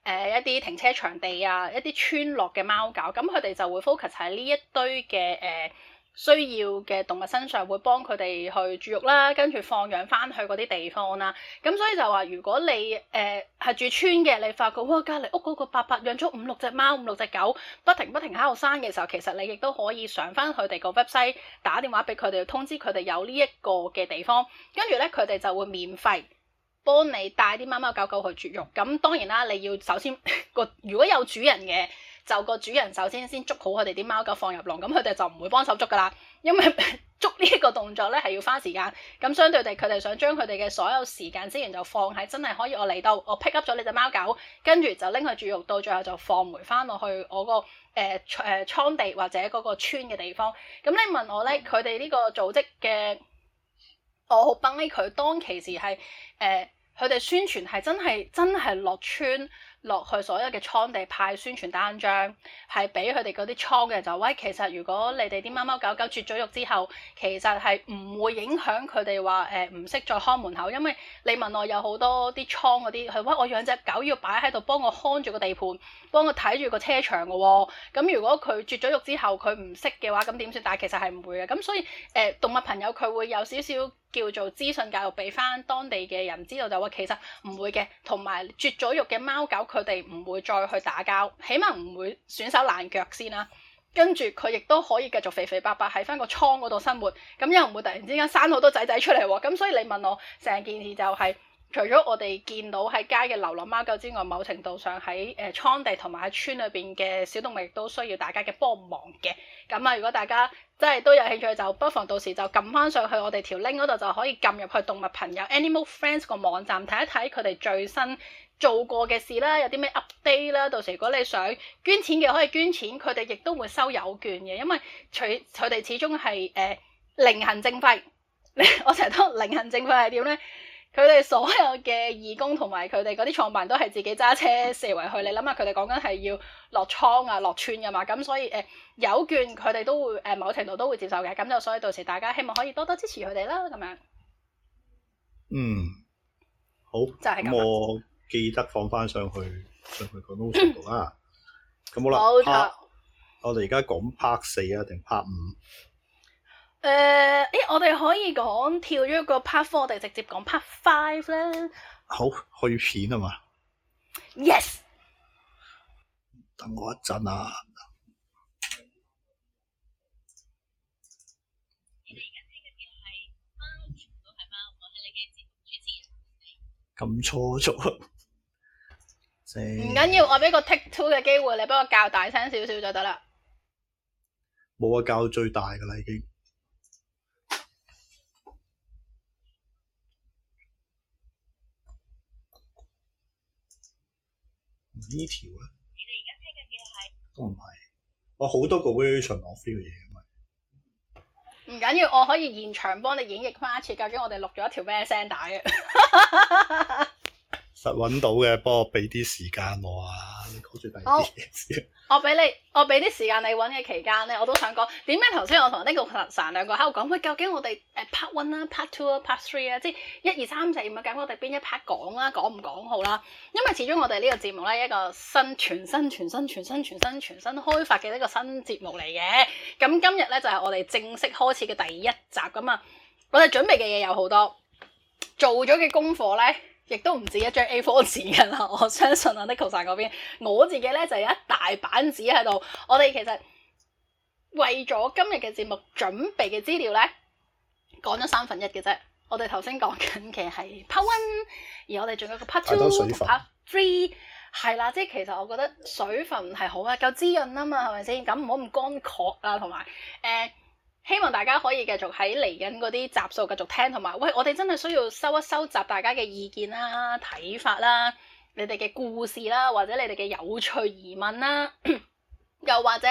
呃、一啲停車場地啊，一啲村落嘅貓狗咁，佢哋就會 focus 喺呢一堆嘅誒。呃需要嘅動物身上會幫佢哋去絕育啦，跟住放養翻去嗰啲地方啦。咁所以就話，如果你誒係住村嘅，你發覺哇，隔離屋嗰個伯伯養咗五六隻貓、五六隻狗，不停不停喺度生嘅時候，其實你亦都可以上翻佢哋個 website，打電話俾佢哋通知佢哋有呢一個嘅地方，跟住咧佢哋就會免費幫你帶啲貓貓狗狗去絕育。咁當然啦，你要首先個如果有主人嘅。就個主人首先先捉好佢哋啲貓狗放入籠，咁佢哋就唔會幫手捉㗎喇，因為捉呢一個動作咧係要花時間。咁相對地，佢哋想將佢哋嘅所有時間，資源就放喺真係可以我嚟到，我 pick up 咗你隻貓狗，跟住就拎去絕育，到最後就放回返落去我個誒誒、呃呃、倉地或者嗰個村嘅地方。咁你問我咧，佢哋呢個組織嘅我好 buy 佢當其時係誒，佢、呃、哋宣傳係真係真係落村。落去所有嘅倉地派宣傳單張，係俾佢哋嗰啲倉嘅就喂，其實如果你哋啲貓貓狗狗絕咗育之後，其實係唔會影響佢哋話誒唔識再看門口，因為你問我有好多啲倉嗰啲，佢話我養隻狗要擺喺度幫我看住個地盤，幫佢睇住個車場嘅喎、哦。咁、嗯、如果佢絕咗育之後佢唔識嘅話，咁點算？但係其實係唔會嘅。咁、嗯、所以誒、呃、動物朋友佢會有少少。叫做資訊教育俾翻當地嘅人知道就話其實唔會嘅，同埋絕咗育嘅貓狗佢哋唔會再去打交，起碼唔會損手爛腳先啦。跟住佢亦都可以繼續肥肥白白喺翻個倉嗰度生活，咁又唔會突然之間生好多仔仔出嚟喎。咁所以你問我成件事就係、是，除咗我哋見到喺街嘅流浪貓狗之外，某程度上喺誒、呃、倉地同埋喺村裏邊嘅小動物亦都需要大家嘅幫忙嘅。咁啊，如果大家。即係，都有興趣，就不妨到時就撳翻上去我哋條 link 嗰度，就可以撳入去動物朋友 Animal Friends 個網站睇一睇佢哋最新做過嘅事啦，有啲咩 update 啦。到時如果你想捐錢嘅，可以捐錢，佢哋亦都會收有券嘅，因為佢佢哋始終係誒零行政費。 我成日都零行政費係點咧？佢哋所有嘅義工同埋佢哋嗰啲創辦都係自己揸車四圍去，你諗下佢哋講緊係要落倉啊落村噶嘛，咁所以誒、呃、有券佢哋都會誒、呃、某程度都會接受嘅，咁就所以到時大家希望可以多多支持佢哋啦，咁樣。嗯，好，就係咁。嗯、我記得放翻上去上去廣東頻道啦。咁、嗯、好啦，冇錯，part, 我哋而家講 part 四啊定 part 五？誒，誒、uh，我哋可以講跳咗一個 part four，我哋直接講 part five 啦。好，去片啊嘛。Yes。等我一陣、啊。咁粗俗！唔緊要，我俾個 take two 嘅機會，你幫我較大聲少少就得啦。冇啊，較最大噶啦，已經。呢條咧，你哋而家聽緊嘅係？都唔係，我好多個 version 我 feel 嘢嘅嘛。唔緊要，我可以現場幫你演繹翻一次，究竟我哋錄咗一條咩聲帶嘅。 搵到嘅，幫我俾啲時間你、oh, 先我啊！講住第二件事。我俾你，我俾啲時間你揾嘅期間咧，我都想講點解頭先我同呢個神兩個喺度講喂，究竟我哋誒、uh, part one 啦，part two，part three 啊，即係一二三，四，係唔係咁？我哋邊一 part 講啦，講唔講好啦？因為始終我哋呢個節目咧，一個新全新全新全新全新，全新，全，新，全，新，全，新全新開發嘅呢個新節目嚟嘅。咁今日咧就係、是、我哋正式開始嘅第一集噶嘛，我哋準備嘅嘢有好多，做咗嘅功課咧。亦都唔止一張 A4 紙㗎啦，我相信啊 Neko 嗰邊，我自己咧就有一大板紙喺度。我哋其實為咗今日嘅節目準備嘅資料咧，講咗三分一嘅啫。我哋頭先講緊嘅係 part one，而我哋仲有個 part two、part three，係啦。即係其實我覺得水分係好啊，夠滋潤啊嘛，係咪先？咁唔好咁乾涸啊，同埋誒，呃希望大家可以繼續喺嚟緊嗰啲集數繼續聽，同埋喂，我哋真係需要收一收集大家嘅意見啦、睇法啦、你哋嘅故事啦，或者你哋嘅有趣疑問啦， 又或者。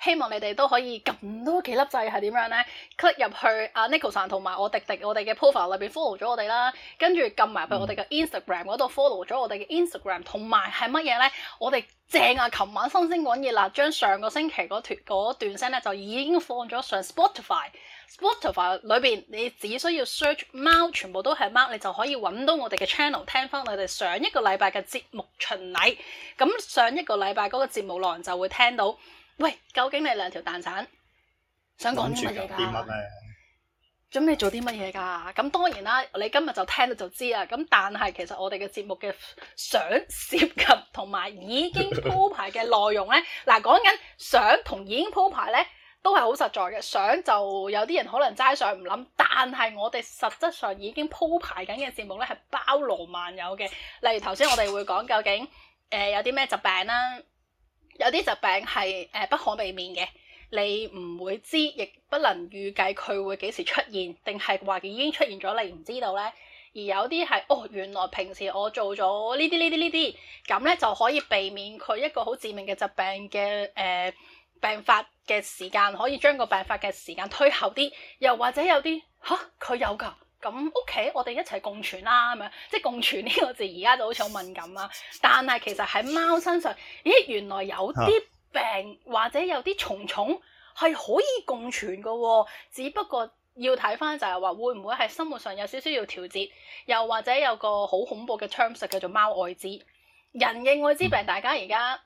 希望你哋都可以撳多幾粒掣，係點樣呢 click 入去啊 NekoChing 同埋我迪迪，我哋嘅 profile 裏邊 follow 咗我哋啦，跟住撳埋去我哋嘅 Instagram 嗰度 follow 咗我哋嘅 Instagram，同埋係乜嘢呢？我哋正啊！琴晚新鮮滾熱辣，將上個星期嗰段嗰段聲咧就已經放咗上 Spotify Sp。Spotify 裏邊你只需要 search 貓，全部都係貓，你就可以揾到我哋嘅 channel，聽翻我哋上一個禮拜嘅節目巡禮。咁上一個禮拜嗰個節目內就會聽到。喂，究竟你兩條蛋散想講啲乜嘢噶？咁你做啲乜嘢噶？咁當然啦，你今日就聽到就知啦。咁但係其實我哋嘅節目嘅想涉及同埋已經鋪排嘅內容呢，嗱，講緊想同已經鋪排呢，都係好實在嘅。想就有啲人可能齋上唔諗，但係我哋實質上已經鋪排緊嘅節目呢，係包羅萬有嘅。例如頭先我哋會講究竟誒、呃、有啲咩疾病啦、啊。有啲疾病係誒不可避免嘅，你唔會知，亦不能預計佢會幾時出現，定係話已經出現咗，你唔知道呢？而有啲係哦，原來平時我做咗呢啲呢啲呢啲，咁呢，就可以避免佢一個好致命嘅疾病嘅誒、呃、病發嘅時間，可以將個病發嘅時間推後啲。又或者有啲吓，佢、啊、有㗎。咁屋企我哋一齊共存啦，咁樣即係共存呢個字而家就好似好敏感啦。但係其實喺貓身上，咦，原來有啲病或者有啲蟲蟲係可以共存噶、哦，只不過要睇返就係話會唔會喺生活上有少少要調節，又或者有個好恐怖嘅 terms 叫做貓艾滋。人嘅艾滋病，大家而家。嗯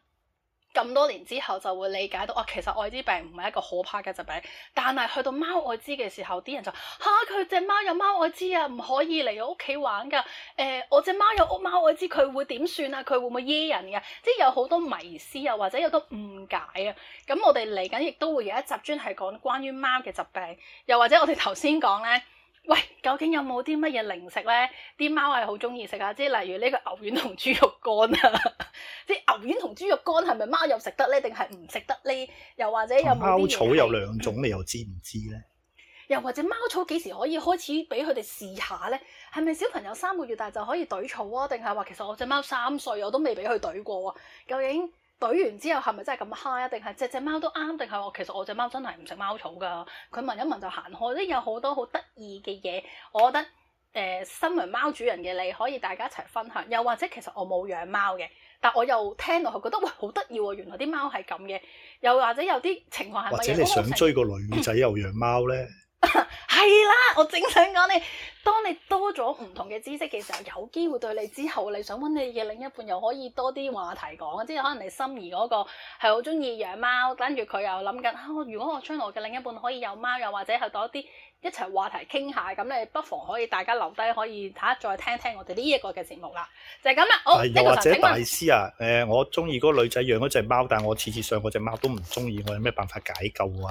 咁多年之後就會理解到，啊，其實愛滋病唔係一個可怕嘅疾病，但係去到貓愛滋嘅時候，啲人就吓，佢、啊、隻貓有貓愛滋啊，唔可以嚟我屋企玩噶。誒、呃，我隻貓有屋貓愛滋，佢會點算啊？佢會唔會惹人嘅、啊？即係有好多迷思啊，或者有好多誤解啊。咁我哋嚟緊亦都會有一集專係講關於貓嘅疾病，又或者我哋頭先講咧。喂，究竟有冇啲乜嘢零食呢？啲貓係好中意食啊！即係例如呢個牛丸同豬肉乾啊，即 係牛丸同豬肉乾係咪貓又食得呢？定係唔食得呢？又或者有冇啲嘢？貓草有兩種，你又知唔知呢？ 又或者貓草幾時可以開始俾佢哋試下呢？係咪小朋友三個月大就可以懟草啊？定係話其實我隻貓三歲，我都未俾佢懟過啊？究竟？懟完之後係咪真係咁 high 啊？定係隻隻貓都啱？定係我其實我隻貓真係唔食貓草㗎？佢聞一聞就行開。啲有好多好得意嘅嘢，我覺得誒，身、呃、為貓主人嘅你可以大家一齊分享。又或者其實我冇養貓嘅，但我又聽落去覺得喂好得意喎！原來啲貓係咁嘅。又或者有啲情況係咪？或者你想追個女仔又養貓咧？ 係啦， 我正想講你，當你多咗唔同嘅知識嘅時候，有機會對你之後，你想揾你嘅另一半又可以多啲話題講，即係可能你心儀嗰個係好中意養貓，跟住佢又諗緊、啊，如果我將來嘅另一半可以有貓，又或者係多啲一齊話題傾下，咁你不妨可以大家留低，可以睇下再聽聽我哋呢一個嘅節目啦。就係咁啦，好，呢個大師啊，誒問、呃，我中意嗰個女仔養咗隻貓，但係我次次上嗰隻貓都唔中意，我有咩辦法解救啊？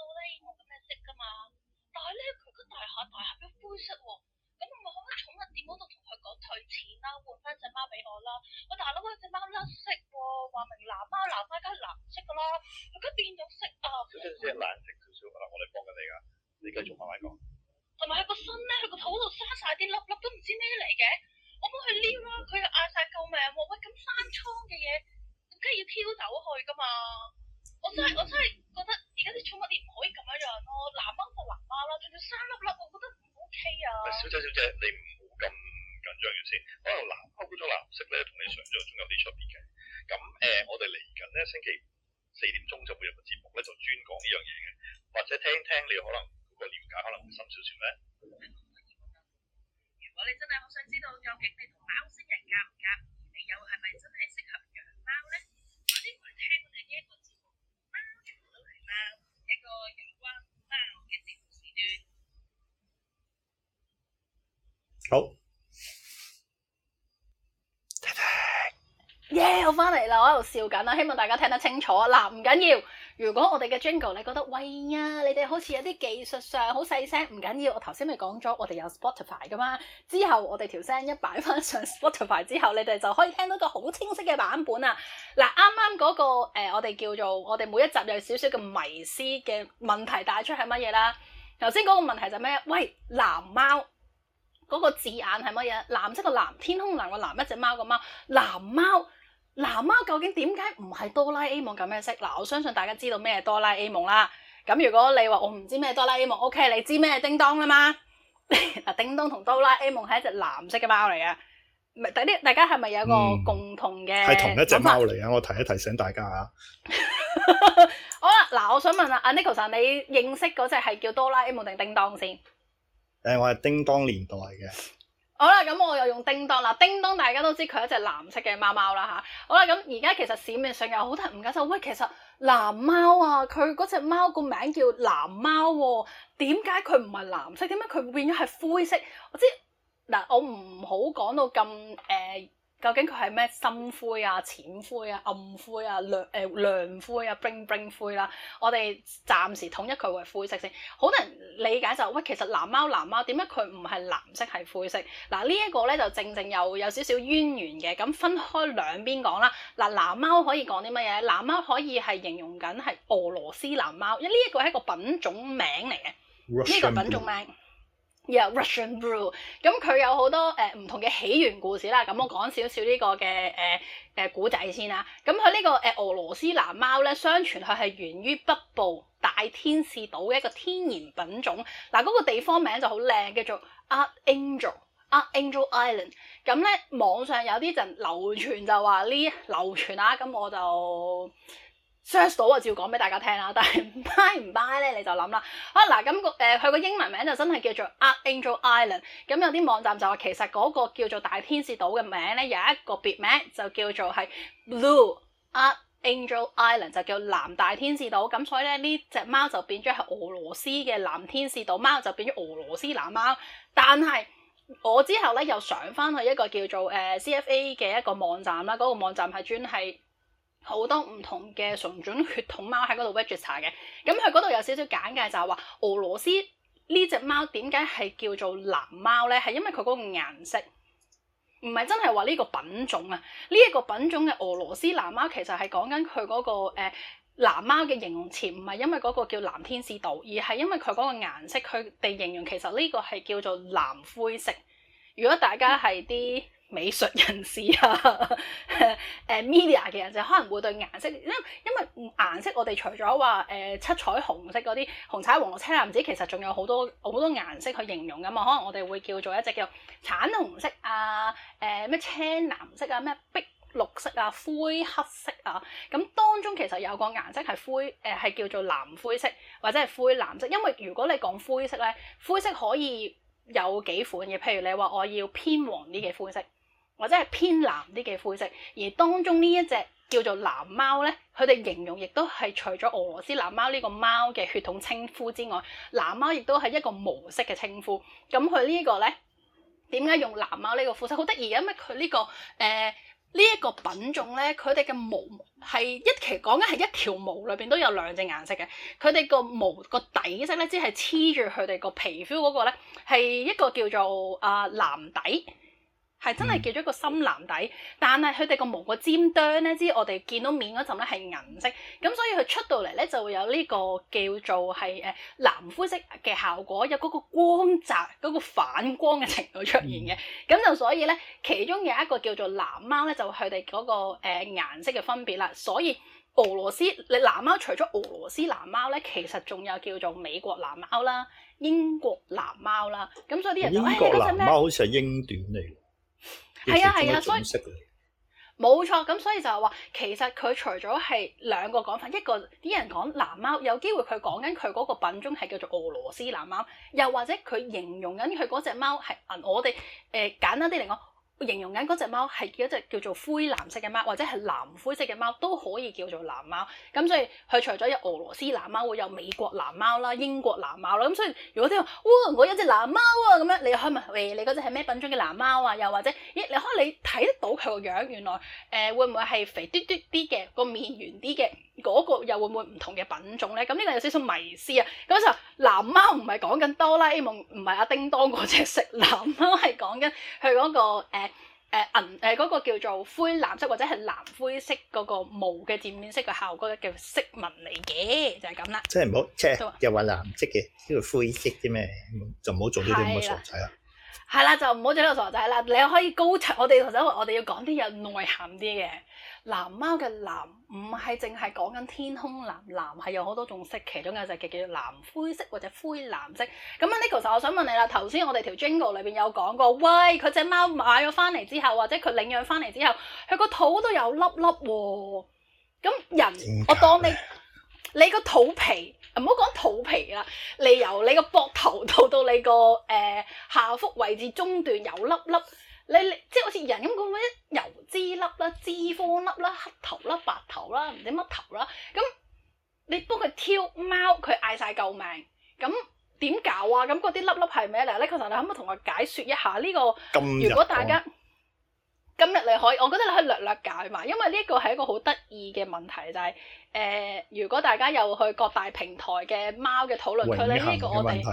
但係咧，佢嗰大盒大盒都灰色喎，咁我咪去翻寵物店嗰度同佢講退錢啦、啊，換翻隻貓俾我啦、啊。我大佬嗰隻貓甩色喎，話明藍貓藍花梗係藍色噶啦，佢而家變咗色啊！少少少少，難聽少少，嗱，我哋幫緊你噶、啊，你繼續慢慢講。同埋佢個身咧，佢個肚度沙晒啲粒粒都唔知咩嚟嘅，我幫佢撩啦，佢又嗌晒救命喎、啊，喂，咁山倉嘅嘢，梗係要挑走去噶嘛。我真係我真係覺得而家啲寵物店唔可以咁樣樣、啊、咯，藍貓就藍貓啦，仲要生粒粒，我覺得唔 ok 啊。小姐小姐，你唔好咁緊張嘅先。可能藍貓嗰種藍色咧，同你想象，仲有啲差別嘅。咁誒、呃，我哋嚟緊咧星期四點鐘就會有個節目。笑緊啦，希望大家聽得清楚啊！嗱，唔緊要。如果我哋嘅 Jingle，你覺得喂呀，你哋好似有啲技術上好細聲，唔緊要。我頭先咪講咗，我哋有 Spotify 噶嘛。之後我哋條聲一擺翻上 Spotify 之後，你哋就可以聽到個好清晰嘅版本啊！嗱、那個，啱啱嗰個我哋叫做我哋每一集有少少嘅迷思嘅問題帶出係乜嘢啦？頭先嗰個問題就咩？喂，藍貓嗰、那個字眼係乜嘢？藍色個藍，天空藍個藍，一隻貓個貓，藍貓。藍貓究竟點解唔係哆啦 A 夢咁嘅色？嗱，我相信大家知道咩哆啦 A 夢啦。咁如果你話我唔知咩哆啦 A 夢，OK，你知咩叮噹啦嘛？嗱， 叮噹同哆啦 A 夢係一隻藍色嘅貓嚟嘅，係？大家係咪有個共同嘅？係、嗯、同一隻貓嚟嘅，嗎我提一提醒大家吓。 好啦，嗱，我想問下阿 Nic 你認識嗰隻係叫哆啦 A 夢定叮噹先？誒，我係叮噹年代嘅。好啦，咁我又用叮當啦，叮當大家都知佢係一隻藍色嘅貓貓啦吓，好啦，咁而家其實市面上有好多人唔敢就喂，其實藍貓啊，佢嗰隻貓個名叫藍貓喎，點解佢唔係藍色？點解佢變咗係灰色？我知，嗱，我唔好講到咁誒。呃究竟佢係咩深灰啊、淺灰啊、暗灰啊、亮誒亮灰啊、bling bling 灰啦、啊？我哋暫時統一佢為灰色先。好多人理解就係、喂，其實藍貓藍貓點解佢唔係藍色係灰色？嗱、啊呢個、呢一個咧就正正又有少少淵源嘅。咁分開兩邊講啦。嗱藍貓可以講啲乜嘢？藍貓可以係形容緊係俄羅斯藍貓，因呢一個係一個品種名嚟嘅。呢 Rush 個品種名。Rush. Yeah, Russian Blue. 有 Russian Blue 咁，佢有好多誒唔同嘅起源故事啦。咁我講少少呢個嘅誒誒古仔先啦。咁佢、這個呃、呢個誒俄羅斯藍貓咧，相傳佢係源於北部大天使島嘅一個天然品種。嗱，嗰個地方名就好靚，叫做 Archangel Archangel Island。咁咧，網上有啲人流傳就話呢流傳啊，咁我就。search 到就照講俾大家聽啦，但係 buy 唔 buy 咧，你就諗啦。啊嗱，咁個誒佢個英文名就真係叫做 Archangel Island。咁有啲網站就話其實嗰個叫做大天使島嘅名咧，有一個別名就叫做係 Blue Archangel Island，就叫藍大天使島。咁所以咧，呢隻貓就變咗係俄羅斯嘅藍天使島貓，就變咗俄羅斯藍貓。但係我之後咧又上翻去一個叫做誒 CFA 嘅一個網站啦，嗰個網站係專係。好多唔同嘅純種血統貓喺嗰度 research 查嘅，咁佢嗰度有少少簡介，就係、是、話俄羅斯呢隻貓點解係叫做藍貓咧？係因為佢嗰個顏色，唔係真係話呢個品種啊。呢、這、一個品種嘅俄羅斯藍貓其實係講緊佢嗰個誒、呃、藍貓嘅形容詞，唔係因為嗰個叫藍天使度，而係因為佢嗰個顏色，佢哋形容其實呢個係叫做藍灰色。如果大家係啲，美術人士啊， 啊，Media 嘅人就可能會對顏色，因因為顏色我哋除咗話誒七彩紅色嗰啲紅橙黃綠青藍紫，其實仲有好多好多顏色去形容噶嘛。可能我哋會叫做一隻叫橙紅色啊，誒、呃、咩青藍色啊，咩碧綠色啊，灰黑色啊。咁當中其實有個顏色係灰誒，係、呃、叫做藍灰色或者係灰藍色。因為如果你講灰色咧，灰色可以有幾款嘅，譬如你話我要偏黃啲嘅灰色。或者係偏藍啲嘅灰色，而當中呢一隻叫做藍貓咧，佢哋形容亦都係除咗俄羅斯藍貓呢個貓嘅血統稱呼之外，藍貓亦都係一個毛色嘅稱呼。咁佢呢個咧，點解用藍貓呢個膚色？好得意！因為佢呢、呢個誒呢一個品種咧，佢哋嘅毛係一期講緊係一條毛裏邊都有兩隻顏色嘅。佢哋個毛個底色咧，只係黐住佢哋個皮膚嗰個咧，係一個叫做啊、呃、藍底。係真係叫咗個深藍底，但係佢哋個毛個尖端咧，知我哋見到面嗰陣咧，係銀色咁，所以佢出到嚟咧就會有呢個叫做係誒藍灰色嘅效果，有嗰個光澤嗰、嗰個反光嘅程度出現嘅咁、嗯、就所以咧，其中有一個叫做藍貓咧，就佢哋嗰個誒顏色嘅分別啦。所以俄羅斯你藍貓除咗俄羅斯藍貓咧，其實仲有叫做美國藍貓啦、英國藍貓啦。咁所以啲人就英國藍貓好似係英短嚟。係啊係啊，所以冇錯，咁所以就係話，其實佢除咗係兩個講法，一個啲人講藍貓，有機會佢講緊佢嗰個品種係叫做俄羅斯藍貓，又或者佢形容緊佢嗰隻貓係，啊，我哋誒、呃、簡單啲嚟講。形容緊嗰隻貓係叫一隻叫做灰藍色嘅貓，或者係藍灰色嘅貓都可以叫做藍貓。咁所以佢除咗有俄羅斯藍貓，會有美國藍貓啦、英國藍貓啦。咁所以如果啲人話：哇、哦，我有隻藍貓啊！咁樣你可以問：喂，你嗰隻係咩品種嘅藍貓啊？又或者咦？你可能你睇得到佢個樣，原來誒、呃、會唔會係肥嘟嘟啲嘅，個面圓啲嘅？嗰個又會唔會唔同嘅品種咧？咁呢個有少少迷思啊！咁就藍貓唔係講緊哆啦 A 夢，唔係阿叮當嗰隻色藍貓、那個，係講緊佢嗰個誒誒銀誒嗰個叫做灰藍色或者係藍灰色嗰個毛嘅漸變色嘅效果咧，叫色紋嚟嘅，就係咁啦。即係唔好，即係又話藍色嘅，呢、呢個灰色啫咩？就唔好做呢啲咁嘅傻仔啦。係啦，就唔好整一個傻仔啦。你可以高，我哋頭先我哋要講啲有內涵啲嘅。藍貓嘅藍唔係淨係講緊天空藍，藍係有好多種色，其中有隻嘅叫藍灰色或者灰藍色。咁啊，Neko，其實我想問你啦。頭先我哋條 Jingle 裏邊有講過，喂，佢隻貓買咗翻嚟之後，或者佢領養翻嚟之後，佢個肚都有粒粒喎。咁人，我當你你個肚皮。唔好講肚皮啦，你由你個膊頭到到你個誒、呃、下腹位置中段有粒粒，你，你即係好似人咁嗰啲油脂粒啦、脂肪粒啦、黑頭粒、白頭啦、唔知乜頭啦，咁你幫佢挑貓，佢嗌晒救命，咁點搞啊？咁嗰啲粒粒係咩嚟咧？確實你可唔可以同我解說一下呢、這個？今日 如果大家。今日你可以，我覺得你可以略略解埋，因為呢一個係一個好得意嘅問題，就係誒，如果大家有去各大平台嘅貓嘅討論區咧，呢、這個我哋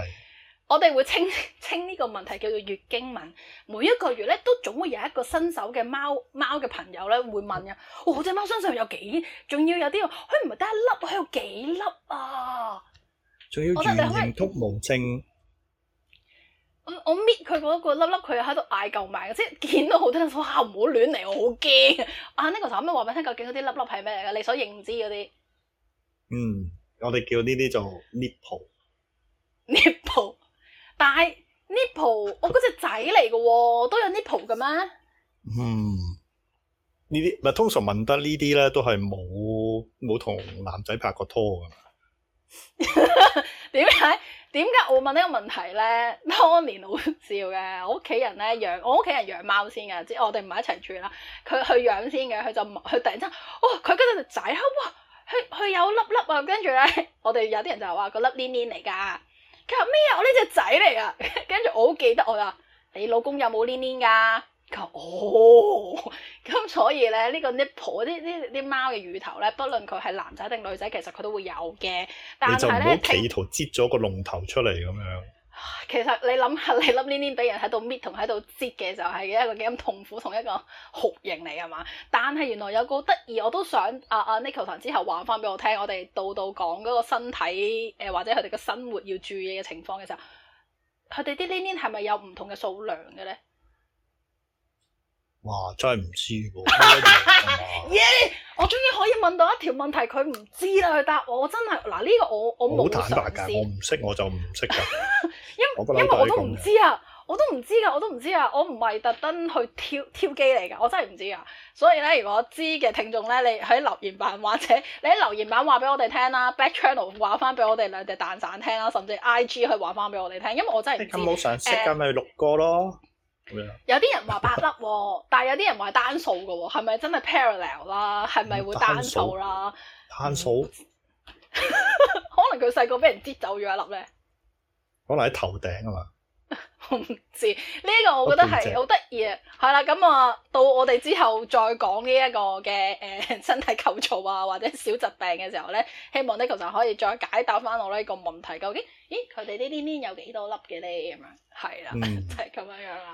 我哋會稱稱呢個問題叫做月經文，每一個月咧都總會有一個新手嘅貓貓嘅朋友咧會問嘅，哇、哦！隻貓身上有幾，仲要有啲，佢唔係得一粒，佢有幾粒啊？仲要我完全無精。我搣佢嗰個粒粒，佢喺度嗌救命嘅，即係見到好多人都喊唔好亂嚟，我好驚、啊。啊，呢、這個時候可唔可以話俾佢聽，究竟嗰啲粒粒係咩嚟嘅？你所認知嗰啲，嗯，我哋叫呢啲做 nipple，nipple，但係 nipple 我嗰隻仔嚟嘅喎，都有 nipple 嘅咩？嗯，呢啲咪通常問得呢啲咧，都係冇冇同男仔拍過拖嘅嘛？點解？ 點解我問呢個問題咧？當年好笑嘅，我屋企人咧養我屋企人養貓先嘅，即我哋唔係一齊住啦。佢去養先嘅，佢就佢突然之間，哦，佢跟嗰隻仔啦，哇，佢佢有粒粒啊。跟住咧，我哋有啲人就話個粒黏黏嚟㗎。佢話咩啊？我呢隻仔嚟㗎！跟住我好記得，我話你老公有冇黏黏㗎？哦，咁所以咧，這個、o, 呢個啲婆、啲啲啲貓嘅乳頭咧，不論佢係男仔定女仔，其實佢都會有嘅。但你就唔好企圖擠咗個龍頭出嚟咁樣。其實你諗下，你粒黏黏俾人喺度搣同喺度擠嘅，就係一個幾咁痛苦同一個酷刑嚟係嘛？但係原來有個得意，我都想阿阿尼古騰之後話翻俾我聽，我哋到到講嗰個身體誒、呃、或者佢哋嘅生活要注意嘅情況嘅時候，佢哋啲黏黏係咪有唔同嘅數量嘅咧？哇，真係唔知喎！耶， yeah, 我終於可以問到一條問題，佢唔知啦，佢答我，我真係嗱呢個我我冇坦白噶，我唔識我，我，我就唔識噶， 因為因為我都唔知啊，我都唔知噶，我都唔知啊，我唔係特登去挑挑機嚟噶，我真係唔知啊。所以咧，如果知嘅聽眾咧，你喺留言板或者你喺留言板話俾我哋聽啦，back channel 話翻俾我哋兩隻蛋散聽啦，甚至 I G 去話翻俾我哋聽，因為我真係唔咁冇想識噶咪錄歌咯。嗯 有啲人話八粒，但係有啲人話單數噶，係咪真係 parallel 啦？係咪會單數啦？單數數 可能佢細個俾人跌走咗一粒咧，可能喺頭頂啊嘛。我唔知呢一個，我覺得係好得意啊。係啦，咁啊，到我哋之後再講呢一個嘅誒身體構造啊，或者小疾病嘅時候咧，希望 Nicholas 可以再解答翻我呢個問題。究竟咦，佢哋呢啲黏有幾多粒嘅咧？咁樣係啦，嗯、 就係咁樣樣。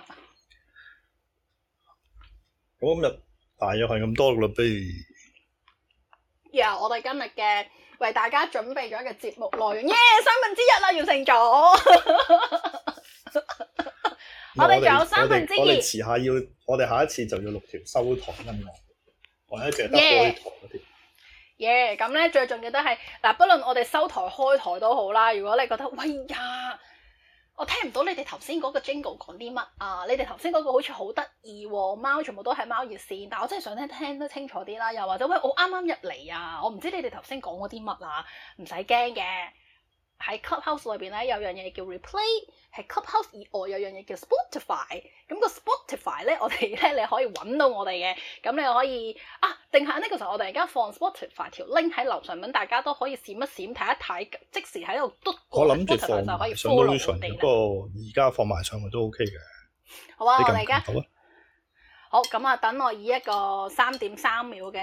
今，yeah, 我今日大約係咁多噶啦，by，而我哋今日嘅為大家準備咗一個節目內容，耶，三、yeah, 分之一啦完成咗，我哋仲有三分之二。我哋遲下要，我哋下一次就要六條收台音樂，或者淨係開台嗰啲。耶 Yeah.，咁咧、yeah, 最重要都係嗱，不論我哋收台開台都好啦。如果你覺得，喂、哎、呀～我聽唔到你哋頭先嗰個 Jingle 講啲乜啊？你哋頭先嗰個好似好得意喎，貓全部都係貓熱線，但我真係想聽聽得清楚啲啦。又或者喂，我啱啱入嚟啊，我唔知你哋頭先講過啲乜啊，唔使驚嘅。喺 Clubhouse 裏邊咧有樣嘢叫 Replay，喺 Clubhouse 以外有樣嘢叫 Spotify，咁，個 Spotify 咧我哋咧，你可以搵到我哋嘅。咁你可以啊，定下呢個時候我哋而家放 Spotify 條 link 喺樓上，咁大家都可以閃一閃睇一睇，即時喺度嘟。我諗住放就可以。上樓層個而家放埋上去都 OK 嘅。好啊，我哋而家好啊。好，咁啊，等我以一個三點三秒嘅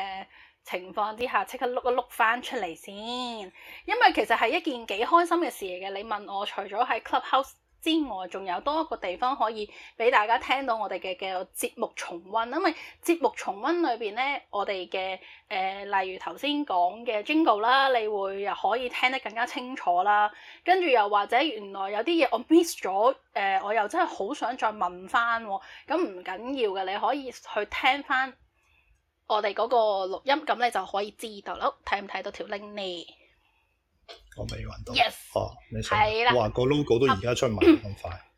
情況之下，即刻碌一碌翻出嚟先，因為其實係一件幾開心嘅事嚟嘅。你問我，除咗喺 Clubhouse 之外，仲有多一個地方可以俾大家聽到我哋嘅嘅節目重溫。因為節目重溫裏邊呢，我哋嘅誒，例如頭先講嘅 Jingle 啦，你會又可以聽得更加清楚啦。跟住又或者原來有啲嘢我 miss 咗，呃，誒，我又真係好想再問翻。咁唔緊要嘅，你可以去聽翻。我哋嗰個錄音，咁你就可以知道咯，睇唔睇到條 link 呢？我未揾到。Yes。哦，你睇。係啦的。哇，個 logo 都而家出埋咁快。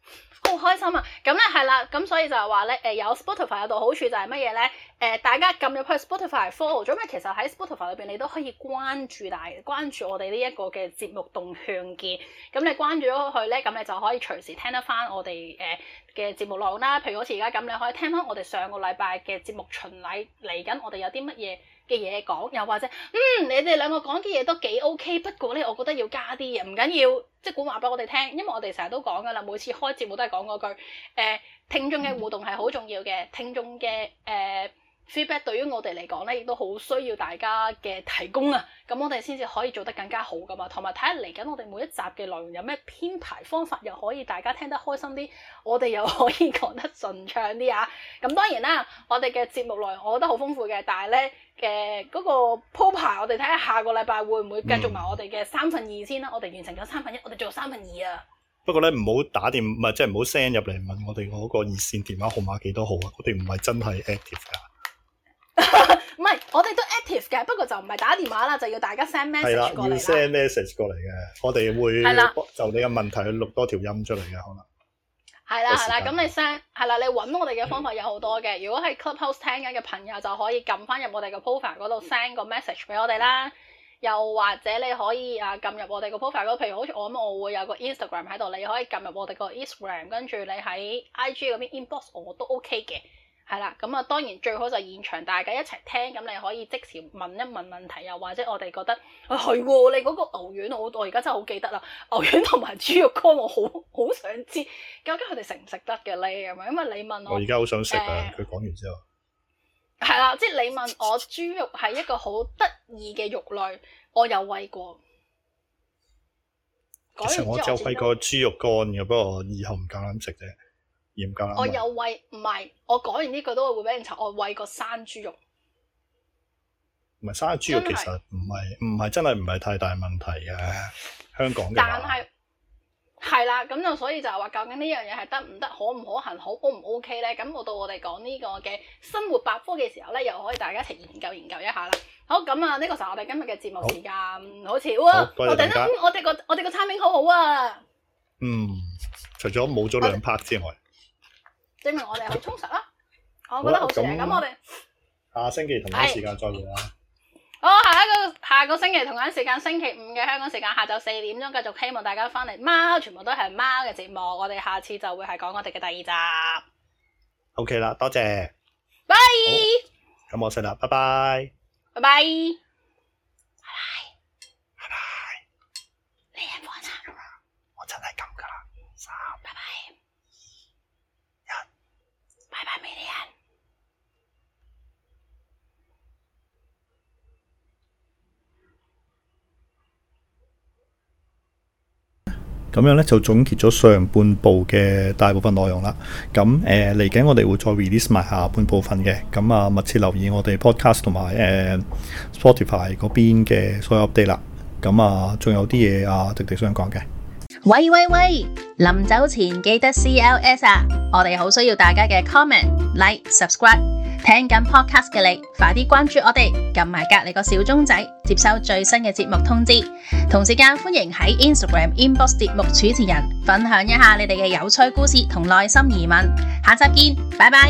好開心啊！咁咧係啦，咁、嗯、所以就係話咧，誒、呃、有 Spotify 有道好處就係乜嘢咧？誒、呃、大家撳咗去 Spotify follow 咗，咁其實喺 Spotify 裏邊你都可以關注大關注我哋呢一個嘅節目動向嘅。咁、嗯、你關注咗佢咧，咁你就可以隨時聽得翻我哋誒嘅節目內容啦。譬如好似而家咁，你可以聽翻我哋上個禮拜嘅節目巡禮嚟緊，我哋有啲乜嘢？嘅嘢講，又或者嗯，你哋兩個講嘅嘢都幾 OK，不過咧，我覺得要加啲嘢，唔緊要，即管話俾我哋聽，因為我哋成日都講噶啦，每次開節目都係講嗰句，誒、呃，聽眾嘅互動係好重要嘅，聽眾嘅誒、呃 Feedback 對於我哋嚟講咧，亦都好需要大家嘅提供啊！咁我哋先至可以做得更加好噶嘛。同埋睇下嚟緊我哋每一集嘅內容有咩編排方法，又可以大家聽得開心啲，我哋又可以講得順暢啲啊！咁當然啦，我哋嘅節目內容我覺得好豐富嘅，但係咧嘅嗰個鋪排，我哋睇下下個禮拜會唔會繼續埋、嗯、我哋嘅三分二先啦。我哋完成咗三分一，我哋做三分二啊！不過咧唔好打電，唔係即係唔好 send 入嚟問我哋嗰個熱線電話號碼幾多號啊！我哋唔係真係 active 㗎。唔係， 我哋都 active 嘅，不過就唔係打電話啦，就要大家 send message 過嚟。了要 send message 過嚟嘅，了我哋會就你嘅問題去錄多條音出嚟嘅可能。係啦係啦，咁你 send 係啦，你搵我哋嘅方法有好多嘅。如果喺 Clubhouse 聽緊嘅朋友就可以撳翻入我哋嘅 profile 嗰度 send 個 message 俾我哋啦。又或者你可以啊撳入我哋嘅 profile 嗰，譬如好似我咁，我會有個 Instagram 喺度，你可以撳入我哋個 Instagram，跟住你喺 IG 嗰邊 inbox 我都 OK 嘅。係啦，咁啊，當然最好就現場大家一齊聽，咁你可以即時問一問問題，又或者我哋覺得去喎、哎，你嗰個牛丸我我而家真係好記得啦，牛丸同埋豬肉乾我好好想知，究竟佢哋食唔食得嘅咧？咁啊，因為你問我而家好想食啊，佢講、欸、完之後，係啦，即係你問我豬肉係一個好得意嘅肉類，我有餵過，講其實 完我就餵過豬肉乾嘅，不過以後唔夠膽食啫。研究啦！我又喂，唔係我講完呢句都係會俾人嘈。我喂個生豬肉，唔係生豬肉，其實唔係唔係真係唔係太大問題嘅香港嘅。但係係啦，咁就所以就係話，究竟呢樣嘢係得唔得，可唔可行，好 O 唔 O K 咧？咁我到我哋講呢個嘅生活百科嘅時候咧，又可以大家一齊研究研究一下啦。好，咁啊，呢個時候我哋今日嘅節目時間好少啊！我哋覺得，我哋個我哋個餐名好好啊！嗯，除咗冇咗兩 part 之外。證明我哋好充實啦，啊，我覺得好正，啊。咁我哋下星期同樣時間再會啦，哎。好，下一個下個星期同樣時間星期五嘅香港時間下晝四點鐘繼續，希望大家翻嚟。貓全部都係貓嘅節目，我哋下次就會係講我哋嘅第二集。OK 啦，多謝。Bye，咁冇聲啦，拜拜。拜拜。拜拜。拜拜。咁樣咧就總結咗上半部嘅大部分內容啦。咁誒嚟緊，呃、我哋會再 release 埋下半部分嘅。咁啊，密切留意我哋 podcast 同埋誒、呃、Spotify 嗰邊嘅所有 update。咁啊，仲有啲嘢啊，廸廸想講嘅。喂喂喂！臨走前記得 CLS 啊！我哋好需要大家嘅 comment、like、subscribe。聽緊 Podcast 嘅你，快啲關注我哋，撳埋隔籬個小鐘仔，接收最新嘅節目通知。同時間歡迎喺 Instagram inbox 節目主持人，分享一下你哋嘅有趣故事同內心疑問。下集見，拜拜。